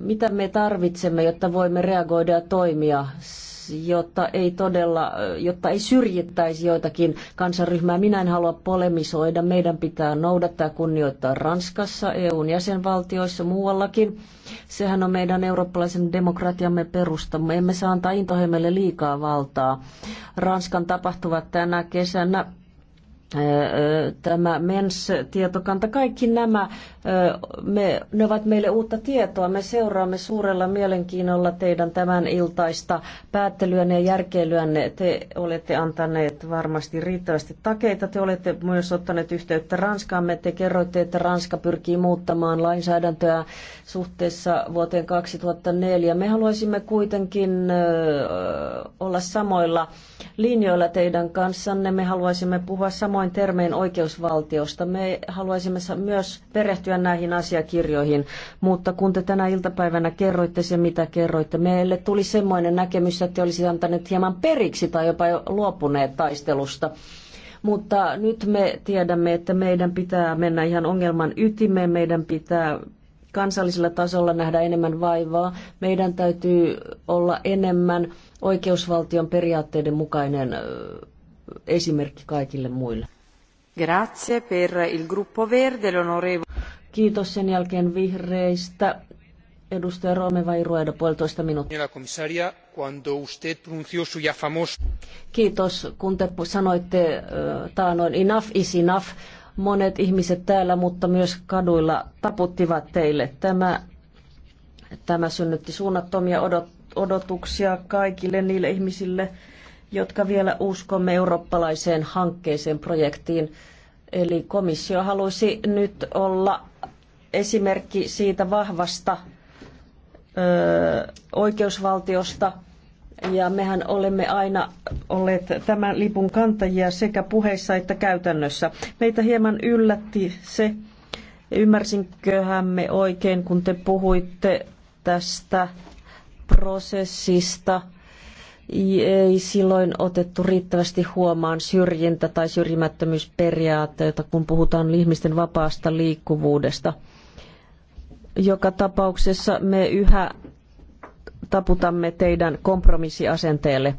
Mitä me tarvitsemme, jotta voimme reagoida ja toimia jotta ei todella, jotta ei syrjittäisi joitakin kansanryhmää. Minä en halua polemisoida. Meidän pitää noudattaa ja kunnioittaa Ranskassa, EUn jäsenvaltioissa, muuallakin. Sehän on meidän eurooppalaisen demokratiamme perusta. Me emme saa antaa intohimoille liikaa valtaa. Ranskan tapahtuvat tänä kesänä tämä MENS-tietokanta, kaikki nämä, me, ne ovat meille uutta tietoa. Me seuraamme suurella mielenkiinnolla teidän tämän iltaista päättelyänne ja järkeilyänne. Te olette antaneet varmasti riittävästi takeita. Te olette myös ottaneet yhteyttä Ranskaan. Me te kerroitte, että Ranska pyrkii muuttamaan lainsäädäntöä suhteessa vuoteen 2004. Me haluaisimme kuitenkin olla samoilla linjoilla teidän kanssanne. Me haluaisimme puhua samoilla samoin termein oikeusvaltiosta. Me haluaisimme myös perehtyä näihin asiakirjoihin, mutta kun te tänä iltapäivänä kerroitte se, mitä kerroitte, meille tuli semmoinen näkemys, että te olisitte antaneet hieman periksi tai jopa jo luopuneet taistelusta. Mutta nyt me tiedämme, että meidän pitää mennä ihan ongelman ytimeen, meidän pitää kansallisella tasolla nähdä enemmän vaivaa. Meidän täytyy olla enemmän oikeusvaltion periaatteiden mukainen esimerkki kaikille muille. Grazie per il gruppo verde, l'onorevole. Kiitos sen jälkeen vihreistä. Edustaja Roome vai Rueda, puolitoista minuuttia. Kiitos, kun te sanoitte taanoin enough is enough. Monet ihmiset täällä, mutta myös kaduilla taputtivat teille. Tämä, tämä synnytti suunnattomia odot, odotuksia kaikille niille ihmisille, jotka vielä uskomme eurooppalaiseen hankkeeseen, projektiin. Eli komissio halusi nyt olla esimerkki siitä vahvasta ö, oikeusvaltiosta, ja mehän olemme aina olleet tämän lipun kantajia sekä puheissa että käytännössä. Meitä hieman yllätti se, ymmärsinköhän me oikein, kun te puhuitte tästä prosessista – ei silloin otettu riittävästi huomaan syrjintä- tai syrjimättömyysperiaatteita, kun puhutaan ihmisten vapaasta liikkuvuudesta. Joka tapauksessa me yhä taputamme teidän kompromissiasenteelle.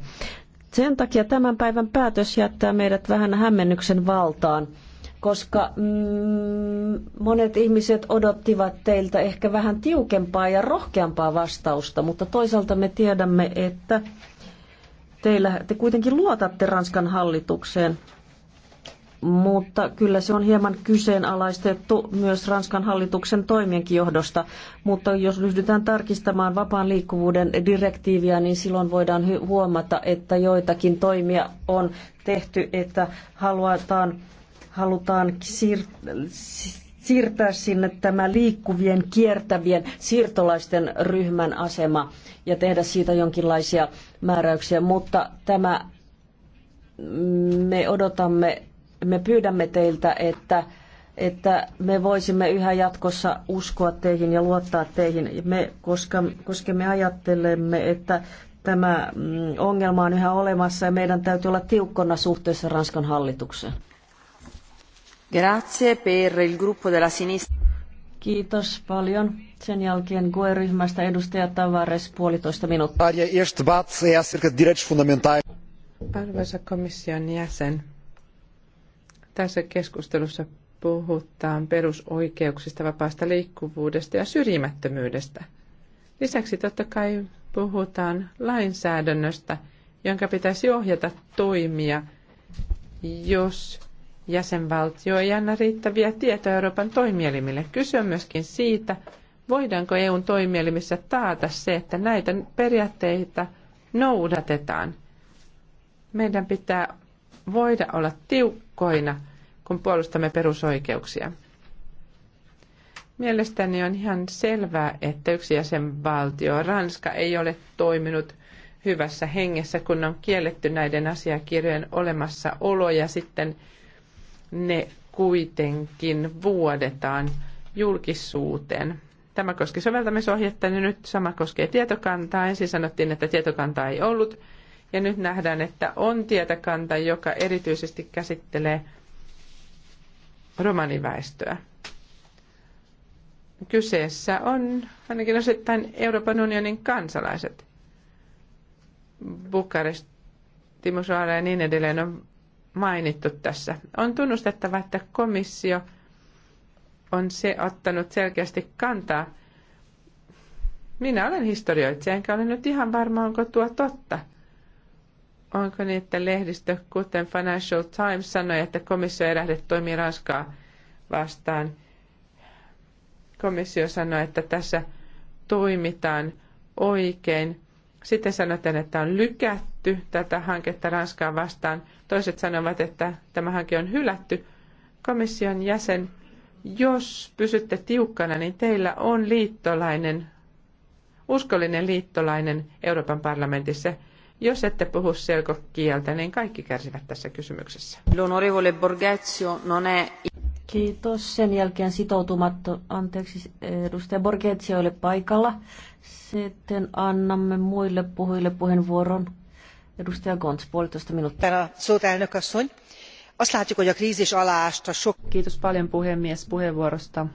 Sen takia tämän päivän päätös jättää meidät vähän hämmennyksen valtaan, koska mm, monet ihmiset odottivat teiltä ehkä vähän tiukempaa ja rohkeampaa vastausta, mutta toisaalta me tiedämme, että Teillä, te kuitenkin luotatte Ranskan hallitukseen, mutta kyllä se on hieman kyseenalaistettu myös Ranskan hallituksen toimienkin johdosta. Mutta jos ryhdytään tarkistamaan vapaan liikkuvuuden direktiiviä, niin silloin voidaan huomata, että joitakin toimia on tehty, että halutaan, halutaan siirtää siirtää sinne tämä liikkuvien, kiertävien siirtolaisten ryhmän asema ja tehdä siitä jonkinlaisia määräyksiä, mutta tämä me odotamme, me pyydämme teiltä, että että me voisimme yhä jatkossa uskoa teihin ja luottaa teihin, me, koska, koska me ajattelemme, että tämä mm, ongelma on yhä olemassa ja meidän täytyy olla tiukkona suhteessa Ranskan hallitukseen. Kiitos paljon. Sen jälkeen GUE-ryhmästä edustaja Tavares puolitoista minuuttia. Eh, er Arvoisa komission jäsen, tässä keskustelussa puhutaan perusoikeuksista, vapaasta liikkuvuudesta ja syrjimättömyydestä. Lisäksi totta kai puhutaan lainsäädännöstä, jonka pitäisi ohjata toimia, jos jäsenvaltio ei anna riittäviä tietoja Euroopan toimielimille. Kyse on myöskin siitä, voidaanko EUn toimielimissä taata se, että näitä periaatteita noudatetaan. Meidän pitää voida olla tiukkoina, kun puolustamme perusoikeuksia. Mielestäni on ihan selvää, että yksi jäsenvaltio, Ranska, ei ole toiminut hyvässä hengessä, kun on kielletty näiden asiakirjojen olemassaolo ja sitten ne kuitenkin vuodetaan julkisuuteen. Tämä koski soveltamisohjetta, niin nyt sama koskee tietokantaa. Ensin sanottiin, että tietokantaa ei ollut, ja nyt nähdään, että on tietokanta, joka erityisesti käsittelee romaniväestöä. Kyseessä on ainakin osittain Euroopan unionin kansalaiset. Bukarest, Timo Saara ja niin edelleen on mainittu tässä. On tunnustettava, että komissio on se ottanut selkeästi kantaa. Minä olen historioitsija, enkä ole nyt ihan varma, onko tuo totta. Onko niin, että lehdistö, kuten Financial Times sanoi, että komissio ei lähde toimii Ranskaa vastaan. Komissio sanoi, että tässä toimitaan oikein. Sitten sanotaan, että on lykätty käytetty tätä hanketta Ranskaa vastaan. Toiset sanovat, että tämä hanke on hylätty. Komission jäsen, jos pysytte tiukkana, niin teillä on liittolainen, uskollinen liittolainen Euroopan parlamentissa. Jos ette puhu selkokieltä, niin kaikki kärsivät tässä kysymyksessä. L'onorevole Borghezio non è... Kiitos. Sen jälkeen sitoutumatto, anteeksi, edustaja Borgetsio oli paikalla. Sitten annamme muille puhujille puheenvuoron. Edustaja Gont, puolitoista minuuttia. Azt látjuk, hogy a krízis aláásta sok... Kiitos paljon puhemies puheenvuorosta.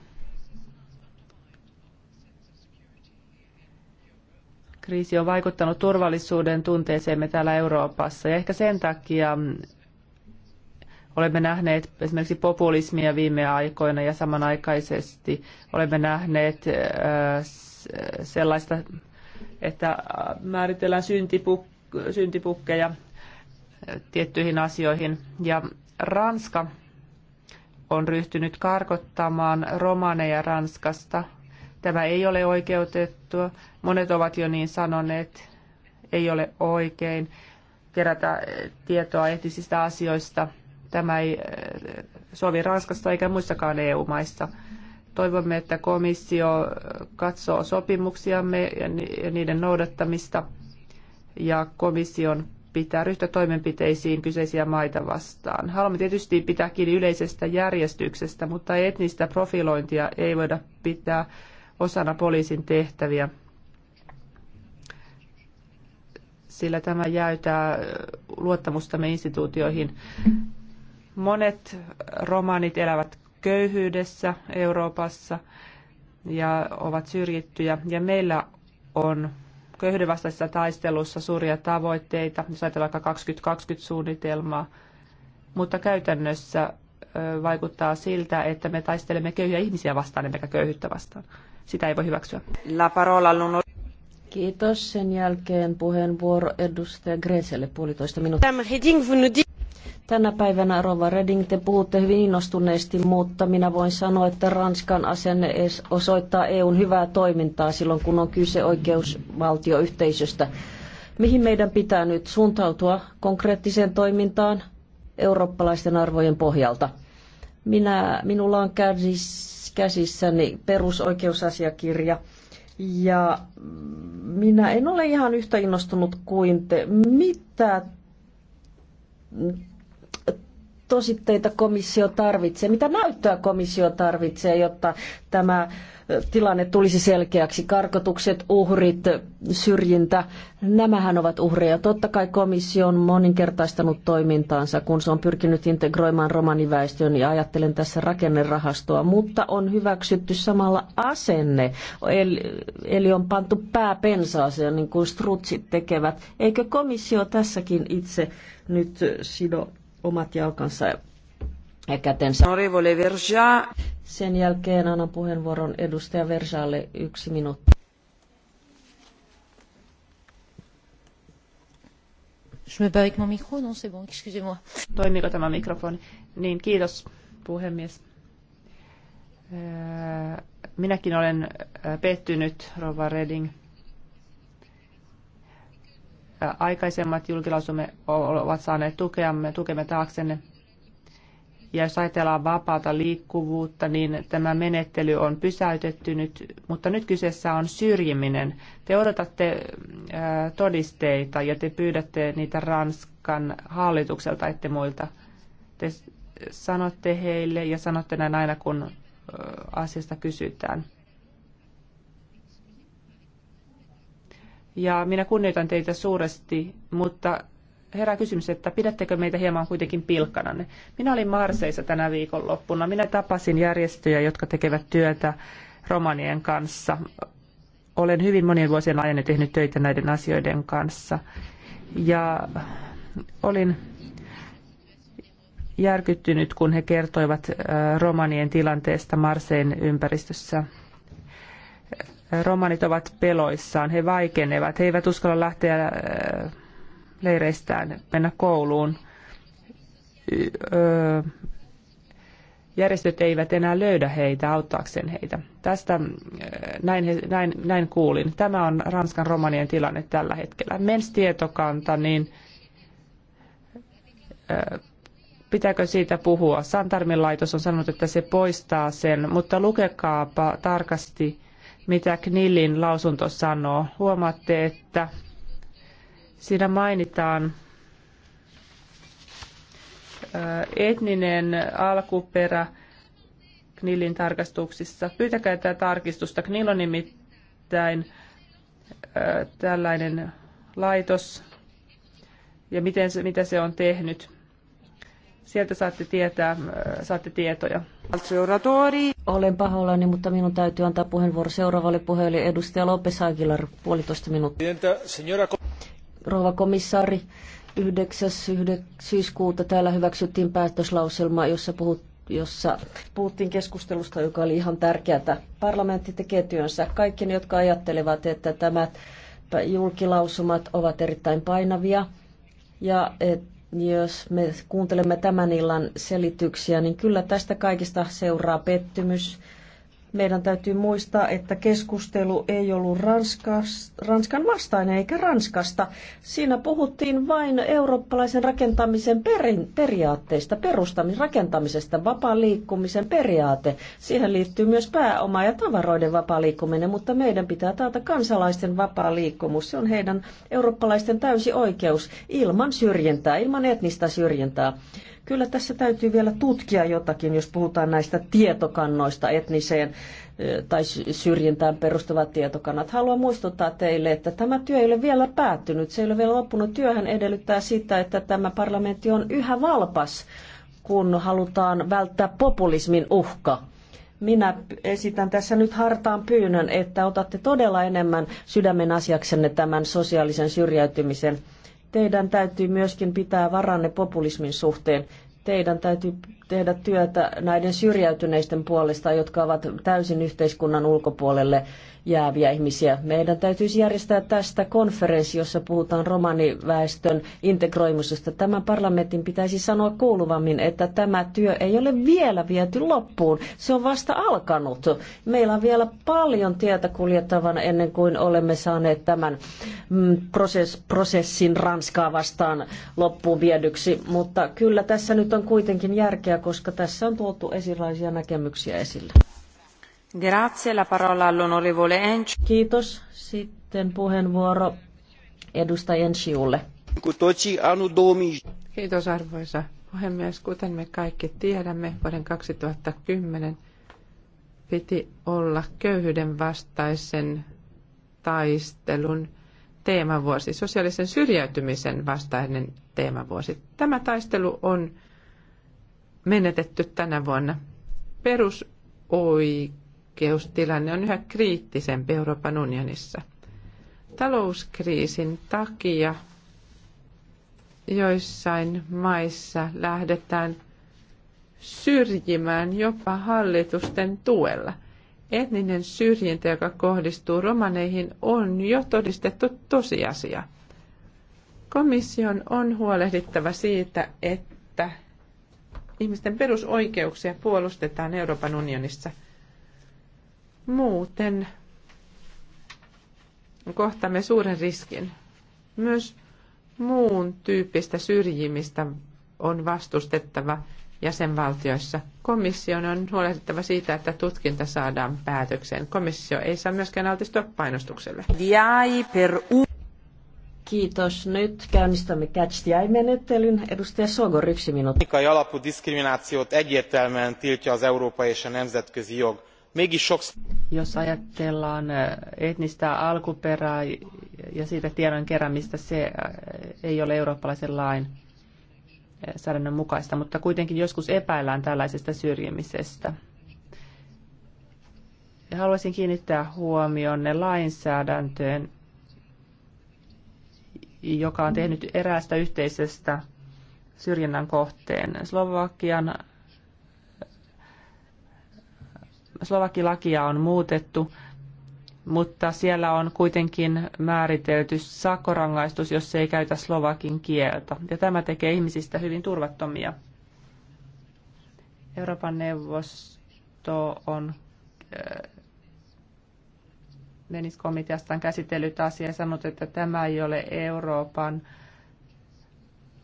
kriisi on vaikuttanut turvallisuuden tunteeseemme täällä Euroopassa. Ja ehkä sen takia olemme nähneet esimerkiksi populismia viime aikoina ja samanaikaisesti olemme nähneet äh, sellaista, että äh, määritellään syntipukki syntipukkeja tiettyihin asioihin. Ja Ranska on ryhtynyt karkottamaan romaneja Ranskasta. Tämä ei ole oikeutettua. Monet ovat jo niin sanoneet, ei ole oikein kerätä tietoa eettisistä asioista. Tämä ei sovi Ranskasta eikä muissakaan EU-maissa. Toivomme, että komissio katsoo sopimuksiamme ja niiden noudattamista – ja komission pitää ryhtyä toimenpiteisiin kyseisiä maita vastaan. Haluamme tietysti pitää kiinni yleisestä järjestyksestä, mutta etnistä profilointia ei voida pitää osana poliisin tehtäviä, sillä tämä jäytää luottamustamme instituutioihin. Monet romanit elävät köyhyydessä Euroopassa ja ovat syrjittyjä, ja meillä on köyhyyden vastaisessa taistelussa suuria tavoitteita, jos ajatellaan vaikka 2020-suunnitelmaa, mutta käytännössä vaikuttaa siltä, että me taistelemme köyhiä ihmisiä vastaan, emmekä köyhyyttä vastaan. Sitä ei voi hyväksyä. La parola non... Kiitos. Sen jälkeen puheenvuoro edustaja Greselle puolitoista minuuttia. Tänä päivänä, Rova Redding, te puhutte hyvin innostuneesti, mutta minä voin sanoa, että Ranskan asenne osoittaa EUn hyvää toimintaa silloin, kun on kyse oikeusvaltioyhteisöstä. Mihin meidän pitää nyt suuntautua konkreettiseen toimintaan eurooppalaisten arvojen pohjalta? Minä, minulla on käsissäni perusoikeusasiakirja. Ja minä en ole ihan yhtä innostunut kuin te. Mitä tositteita komissio tarvitsee, mitä näyttöä komissio tarvitsee, jotta tämä tilanne tulisi selkeäksi. Karkotukset, uhrit, syrjintä, nämähän ovat uhreja. Totta kai komissio on moninkertaistanut toimintaansa, kun se on pyrkinyt integroimaan romaniväestön ja ajattelen tässä rakennerahastoa, mutta on hyväksytty samalla asenne, eli, eli on pantu pää pensaaseen, niin kuin strutsit tekevät. Eikö komissio tässäkin itse nyt sido omat jalkansa ja kätensä. Sen jälkeen annan puheenvuoron edustaja Versaalle yksi minuutti. Toimiko tämä mikrofoni? Niin, kiitos puhemies. Minäkin olen pettynyt, Rova Reding, aikaisemmat julkilausumme ovat saaneet tukeamme, tukemme taaksenne. Ja jos ajatellaan vapaata liikkuvuutta, niin tämä menettely on pysäytetty nyt, mutta nyt kyseessä on syrjiminen. Te odotatte todisteita ja te pyydätte niitä Ranskan hallitukselta, ette muilta. Te sanotte heille ja sanotte näin aina, kun asiasta kysytään. ja minä kunnioitan teitä suuresti, mutta herää kysymys, että pidättekö meitä hieman kuitenkin pilkkananne. Minä olin Marseissa tänä viikonloppuna. Minä tapasin järjestöjä, jotka tekevät työtä romanien kanssa. Olen hyvin monien vuosien ajan tehnyt töitä näiden asioiden kanssa. Ja olin järkyttynyt, kun he kertoivat romanien tilanteesta Marseen ympäristössä romanit ovat peloissaan, he vaikenevat, he eivät uskalla lähteä äh, leireistään, mennä kouluun. Järjestöt eivät enää löydä heitä auttaakseen heitä. Tästä äh, näin, näin, näin kuulin. Tämä on Ranskan romanien tilanne tällä hetkellä. Mens-tietokanta, niin pitääkö siitä puhua? Santarmin laitos on sanonut, että se poistaa sen, mutta lukekaapa tarkasti – mitä Knillin lausunto sanoo. Huomaatte, että siinä mainitaan etninen alkuperä Knillin tarkastuksissa. Pyytäkää tätä tarkistusta. Knill on nimittäin tällainen laitos ja miten se, mitä se on tehnyt. Sieltä saatte, tietää, saatte tietoja. Olen pahoillani, mutta minun täytyy antaa puheenvuoro seuraavalle puheelle edustaja Lopes Aguilar, puolitoista minuuttia. Rouva komissaari, 9. syyskuuta täällä hyväksyttiin päätöslauselma, jossa puhuttiin jossa puhuttiin keskustelusta, joka oli ihan tärkeää. Parlamentti tekee työnsä. Kaikki ne, jotka ajattelevat, että tämä julkilausumat ovat erittäin painavia ja että jos me kuuntelemme tämän illan selityksiä, niin kyllä tästä kaikista seuraa pettymys meidän täytyy muistaa, että keskustelu ei ollut Ranskas, Ranskan vastainen eikä Ranskasta. Siinä puhuttiin vain eurooppalaisen rakentamisen perin, periaatteista, perustamisrakentamisesta rakentamisesta, vapaan liikkumisen periaate. Siihen liittyy myös pääoma ja tavaroiden vapaa liikkuminen, mutta meidän pitää taata kansalaisten vapaa liikkumus. Se on heidän eurooppalaisten täysi oikeus ilman syrjintää, ilman etnistä syrjintää. Kyllä tässä täytyy vielä tutkia jotakin, jos puhutaan näistä tietokannoista etniseen tai syrjintään perustuvat tietokannat. Haluan muistuttaa teille, että tämä työ ei ole vielä päättynyt, se ei ole vielä loppunut. Työhän edellyttää sitä, että tämä parlamentti on yhä valpas, kun halutaan välttää populismin uhka minä esitän tässä nyt hartaan pyynnön, että otatte todella enemmän sydämen asiaksenne tämän sosiaalisen syrjäytymisen Teidän täytyy myöskin pitää varanne populismin suhteen teidän täytyy tehdä työtä näiden syrjäytyneisten puolesta, jotka ovat täysin yhteiskunnan ulkopuolelle jääviä ihmisiä. Meidän täytyisi järjestää tästä konferenssi, jossa puhutaan romaniväestön integroimisesta. Tämän parlamentin pitäisi sanoa kuuluvammin, että tämä työ ei ole vielä viety loppuun. Se on vasta alkanut. Meillä on vielä paljon tietä kuljettavana ennen kuin olemme saaneet tämän mm, prosessin Ranskaa vastaan loppuun viedyksi. Mutta kyllä tässä nyt on kuitenkin järkeä, koska tässä on tuotu erilaisia näkemyksiä esille. Grazie, la parola all'onorevole Enci. Kiitos. Sitten puheenvuoro edustaja Enciulle. Kiitos arvoisa puhemies. Kuten me kaikki tiedämme, vuoden 2010 piti olla köyhyyden vastaisen taistelun teemavuosi, sosiaalisen syrjäytymisen vastainen teemavuosi. Tämä taistelu on menetetty tänä vuonna. Perusoikeustilanne on yhä kriittisempi Euroopan unionissa. Talouskriisin takia joissain maissa lähdetään syrjimään jopa hallitusten tuella. Etninen syrjintä, joka kohdistuu romaneihin, on jo todistettu tosiasia. Komission on huolehdittava siitä, että ihmisten perusoikeuksia puolustetaan Euroopan unionissa. Muuten kohtamme suuren riskin. Myös muun tyyppistä syrjimistä on vastustettava jäsenvaltioissa. Komission on huolehdittava siitä, että tutkinta saadaan päätökseen. Komissio ei saa myöskään altistua painostukselle. Kiitos. Nyt käynnistämme Catch the Eye-menettelyn. Edustaja Sogor, yksi minuutti. Etnikai alapú diszkriminációt egyértelműen tiltja az európai és a nemzetközi jog. Mégis sokszor... Jos ajatellaan etnistä alkuperää ja siitä tiedon keräämistä, se ei ole eurooppalaisen lain säädännön mukaista, mutta kuitenkin joskus epäillään tällaisesta syrjimisestä. Ja haluaisin kiinnittää huomionne lainsäädäntöön, joka on tehnyt eräästä yhteisestä syrjinnän kohteen. Slovakian Slovakilakia on muutettu, mutta siellä on kuitenkin määritelty sakkorangaistus, jos ei käytä slovakin kieltä. Ja tämä tekee ihmisistä hyvin turvattomia. Euroopan neuvosto on Veniskomiteasta on käsitellyt asiaa ja sanonut, että tämä ei ole Euroopan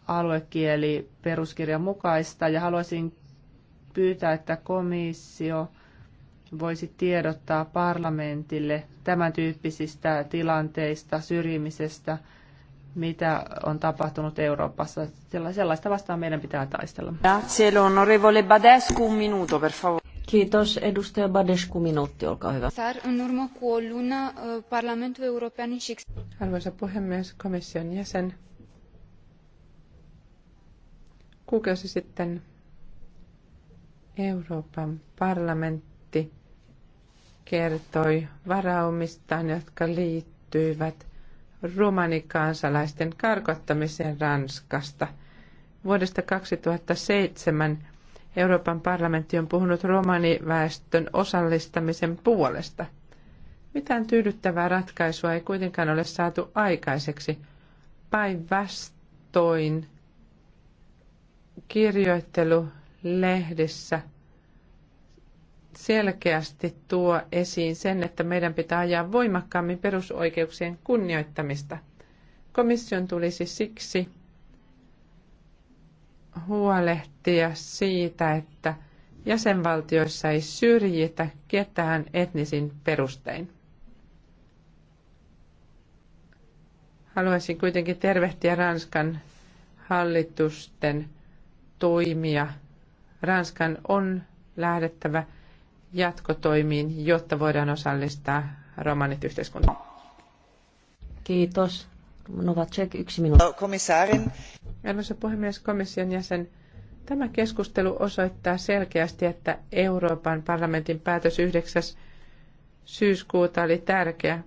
aluekieli peruskirjan mukaista ja haluaisin pyytää, että komissio voisi tiedottaa parlamentille tämän tyyppisistä tilanteista, syrjimisestä, mitä on tapahtunut Euroopassa. Sellaista vastaan meidän pitää taistella. Grazie, Badescu, un minuto, per favore. Kiitos. Edustaja Badescu, minuutti, olkaa hyvä. Uh, Arvoisa puhemies, komission jäsen. Kuukausi sitten Euroopan parlamentti kertoi varaumistaan, jotka liittyivät romanikansalaisten karkottamiseen Ranskasta. Vuodesta 2007 Euroopan parlamentti on puhunut romaniväestön osallistamisen puolesta. Mitään tyydyttävää ratkaisua ei kuitenkaan ole saatu aikaiseksi. Päinvastoin kirjoittelu lehdissä selkeästi tuo esiin sen, että meidän pitää ajaa voimakkaammin perusoikeuksien kunnioittamista. Komission tulisi siksi huolehtia siitä, että jäsenvaltioissa ei syrjitä ketään etnisin perustein. Haluaisin kuitenkin tervehtiä Ranskan hallitusten toimia. Ranskan on lähdettävä jatkotoimiin, jotta voidaan osallistaa romanit yhteiskuntaan. Kiitos. Novacek, yksi minuutti. Komissaarin, Arvoisa puhemies, komission jäsen, tämä keskustelu osoittaa selkeästi, että Euroopan parlamentin päätös 9. syyskuuta oli tärkeä.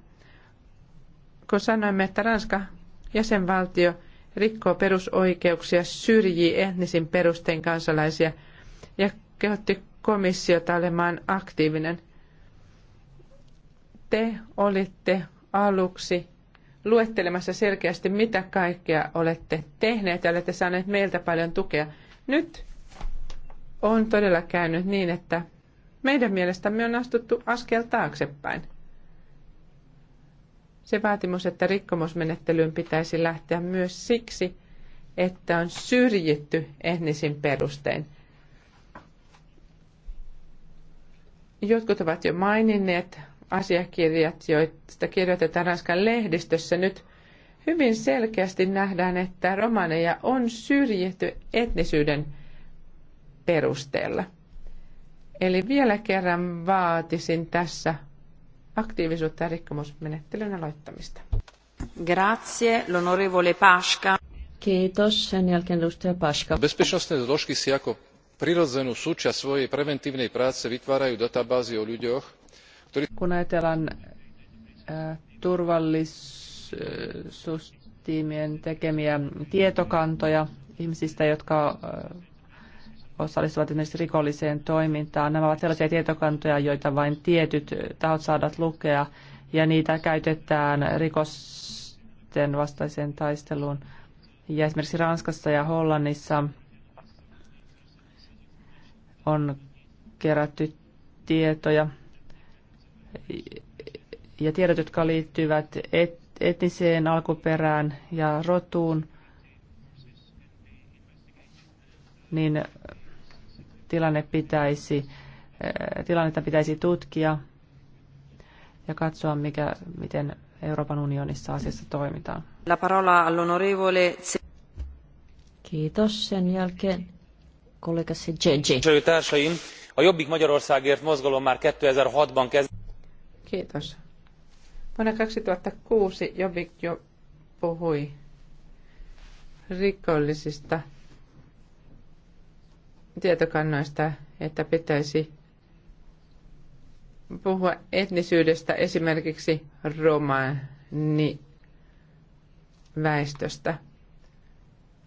Kun sanoimme, että Ranska jäsenvaltio rikkoo perusoikeuksia, syrjii etnisin perustein kansalaisia ja kehotti komissiota olemaan aktiivinen. Te olitte aluksi luettelemassa selkeästi, mitä kaikkea olette tehneet ja olette saaneet meiltä paljon tukea. Nyt on todella käynyt niin, että meidän mielestämme on astuttu askel taaksepäin. Se vaatimus, että rikkomusmenettelyyn pitäisi lähteä myös siksi, että on syrjitty etnisin perustein. Jotkut ovat jo maininneet asiakirjat, joista kirjoitetaan Ranskan lehdistössä nyt, hyvin selkeästi nähdään, että romaneja on syrjitty etnisyyden perusteella. Eli vielä kerran vaatisin tässä aktiivisuutta ja rikkomusmenettelyn aloittamista. Grazie, l'onorevole Paska. Kiitos, sen jälkeen edustaja Paska. Bezpečnostne zložky si ako prirodzenú súčasť svojej preventívnej práce vytvárajú databázy o ľuďoch, kun ajatellaan turvallisuustiimien tekemiä tietokantoja ihmisistä, jotka osallistuvat esimerkiksi rikolliseen toimintaan. Nämä ovat sellaisia tietokantoja, joita vain tietyt tahot saadat lukea, ja niitä käytetään rikosten vastaiseen taisteluun. Ja esimerkiksi Ranskassa ja Hollannissa on kerätty tietoja ja tiedot, jotka liittyvät et, etniseen alkuperään ja rotuun, niin tilanne pitäisi, äh, tilannetta pitäisi tutkia ja katsoa, mikä, miten Euroopan unionissa asiassa toimitaan. La parola all'onorevole Kiitos. Sen jälkeen kollega Sejeji. A Jobbik Magyarországért mozgalom már 2006-ban kezd... Kiitos. Vuonna 2006 Jobik jo puhui rikollisista tietokannoista, että pitäisi puhua etnisyydestä esimerkiksi romani väestöstä.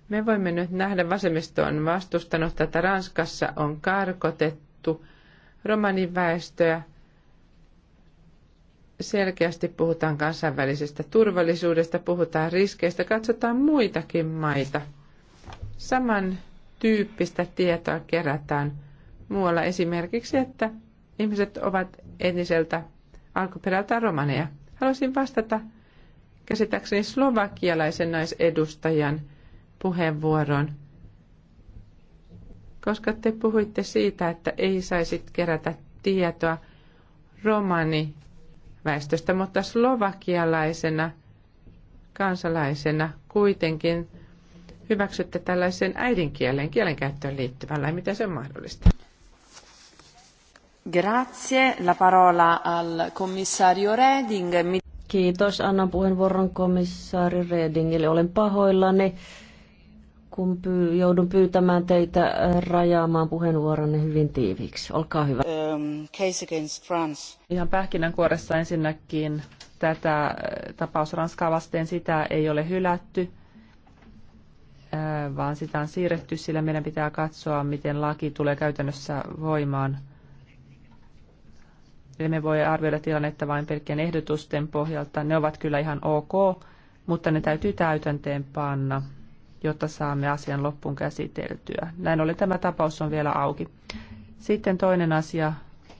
Me voimme nyt nähdä, vasemmisto on vastustanut että Ranskassa on karkotettu romaniväestöä selkeästi puhutaan kansainvälisestä turvallisuudesta, puhutaan riskeistä, katsotaan muitakin maita. Saman tyyppistä tietoa kerätään muualla esimerkiksi, että ihmiset ovat etniseltä alkuperältä romaneja. Haluaisin vastata käsittääkseni slovakialaisen naisedustajan puheenvuoron, koska te puhuitte siitä, että ei saisi kerätä tietoa romani väestöstä, mutta slovakialaisena kansalaisena kuitenkin hyväksytte tällaisen äidinkielen kielenkäyttöön liittyvän lain, miten se on mahdollista? Grazie. La parola al commissario Reding. Kiitos. Annan puheenvuoron komissaari Redingille. Olen pahoillani kun pyy, joudun pyytämään teitä äh, rajaamaan puheenvuoronne hyvin tiiviiksi. Olkaa hyvä. Um, case against France. Ihan pähkinänkuoressa ensinnäkin tätä äh, tapaus Ranskaa vasten sitä ei ole hylätty, äh, vaan sitä on siirretty, sillä meidän pitää katsoa, miten laki tulee käytännössä voimaan. Me voi arvioida tilannetta vain pelkkien ehdotusten pohjalta. Ne ovat kyllä ihan ok, mutta ne täytyy täytänteen panna jotta saamme asian loppuun käsiteltyä. Näin ollen tämä tapaus on vielä auki. Sitten toinen asia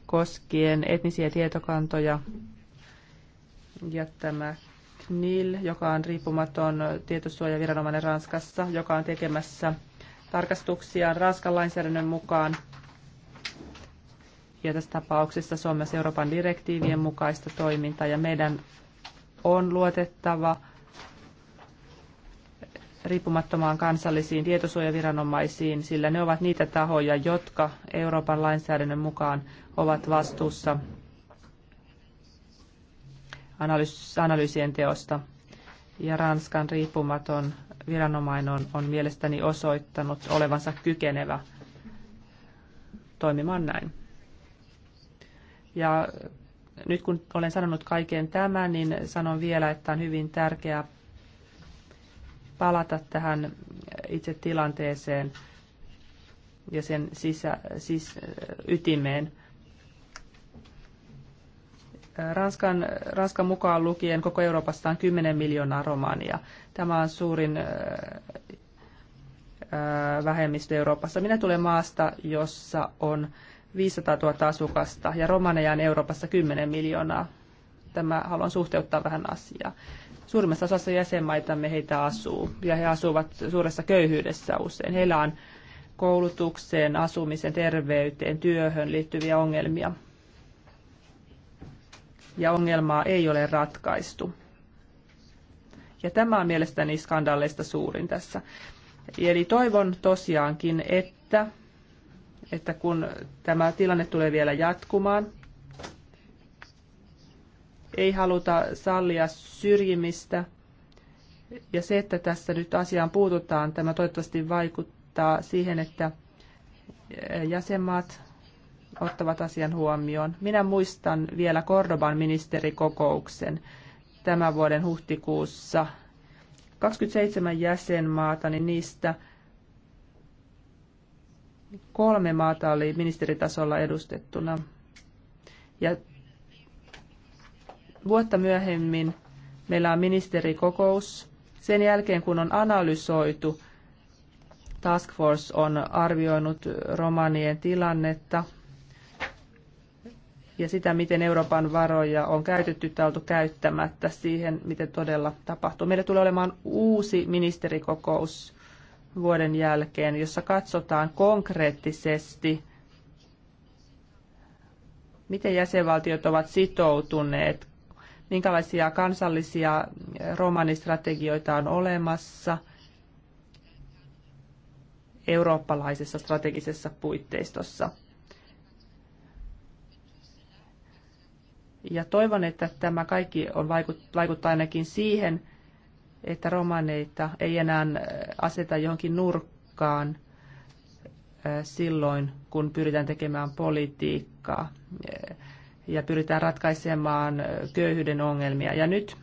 koskien etnisiä tietokantoja ja tämä NIL, joka on riippumaton tietosuojaviranomainen Ranskassa, joka on tekemässä tarkastuksia Ranskan lainsäädännön mukaan. Ja tässä tapauksessa se on myös Euroopan direktiivien mukaista toimintaa ja meidän on luotettava riippumattomaan kansallisiin tietosuojaviranomaisiin, sillä ne ovat niitä tahoja, jotka Euroopan lainsäädännön mukaan ovat vastuussa analyysien teosta. Ja Ranskan riippumaton viranomainen on, on mielestäni osoittanut olevansa kykenevä toimimaan näin. Ja nyt kun olen sanonut kaiken tämän, niin sanon vielä, että on hyvin tärkeää palata tähän itse tilanteeseen ja sen sisä, sis, ytimeen. Ranskan, Ranskan mukaan lukien koko Euroopasta on 10 miljoonaa romania. Tämä on suurin vähemmistö Euroopassa. Minä tulen maasta, jossa on 500 000 asukasta ja romaneja on Euroopassa 10 miljoonaa. Tämä haluan suhteuttaa vähän asiaa. Suurimmassa osassa jäsenmaitamme heitä asuu, ja he asuvat suuressa köyhyydessä usein. Heillä on koulutukseen, asumisen, terveyteen, työhön liittyviä ongelmia. Ja ongelmaa ei ole ratkaistu. Ja tämä on mielestäni skandaaleista suurin tässä. Eli toivon tosiaankin, että, että kun tämä tilanne tulee vielä jatkumaan, ei haluta sallia syrjimistä. Ja se, että tässä nyt asiaan puututaan, tämä toivottavasti vaikuttaa siihen, että jäsenmaat ottavat asian huomioon. Minä muistan vielä Kordoban ministerikokouksen tämän vuoden huhtikuussa. 27 jäsenmaata, niin niistä kolme maata oli ministeritasolla edustettuna. Ja vuotta myöhemmin meillä on ministerikokous. Sen jälkeen, kun on analysoitu, Task Force on arvioinut romanien tilannetta ja sitä, miten Euroopan varoja on käytetty tai oltu käyttämättä siihen, miten todella tapahtuu. Meillä tulee olemaan uusi ministerikokous vuoden jälkeen, jossa katsotaan konkreettisesti, miten jäsenvaltiot ovat sitoutuneet minkälaisia kansallisia romanistrategioita on olemassa eurooppalaisessa strategisessa puitteistossa. Ja toivon, että tämä kaikki on vaikut, vaikuttaa ainakin siihen, että romaneita ei enää äh, aseta johonkin nurkkaan äh, silloin, kun pyritään tekemään politiikkaa. Äh, ja pyritään ratkaisemaan köyhyyden ongelmia. Ja nyt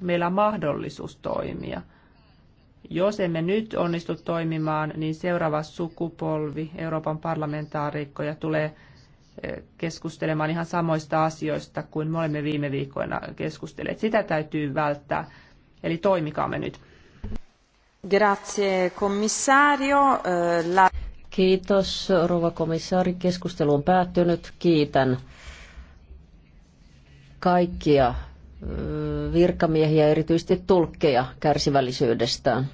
meillä on mahdollisuus toimia. Jos emme nyt onnistu toimimaan, niin seuraava sukupolvi Euroopan parlamentaarikkoja tulee eh, keskustelemaan ihan samoista asioista kuin me olemme viime viikkoina keskustelleet. Sitä täytyy välttää. Eli toimikaamme nyt. Grazie, eh, La... Kiitos, rouva komissaari. Keskustelu on päättynyt. Kiitän kaikkia virkamiehiä, erityisesti tulkkeja kärsivällisyydestään.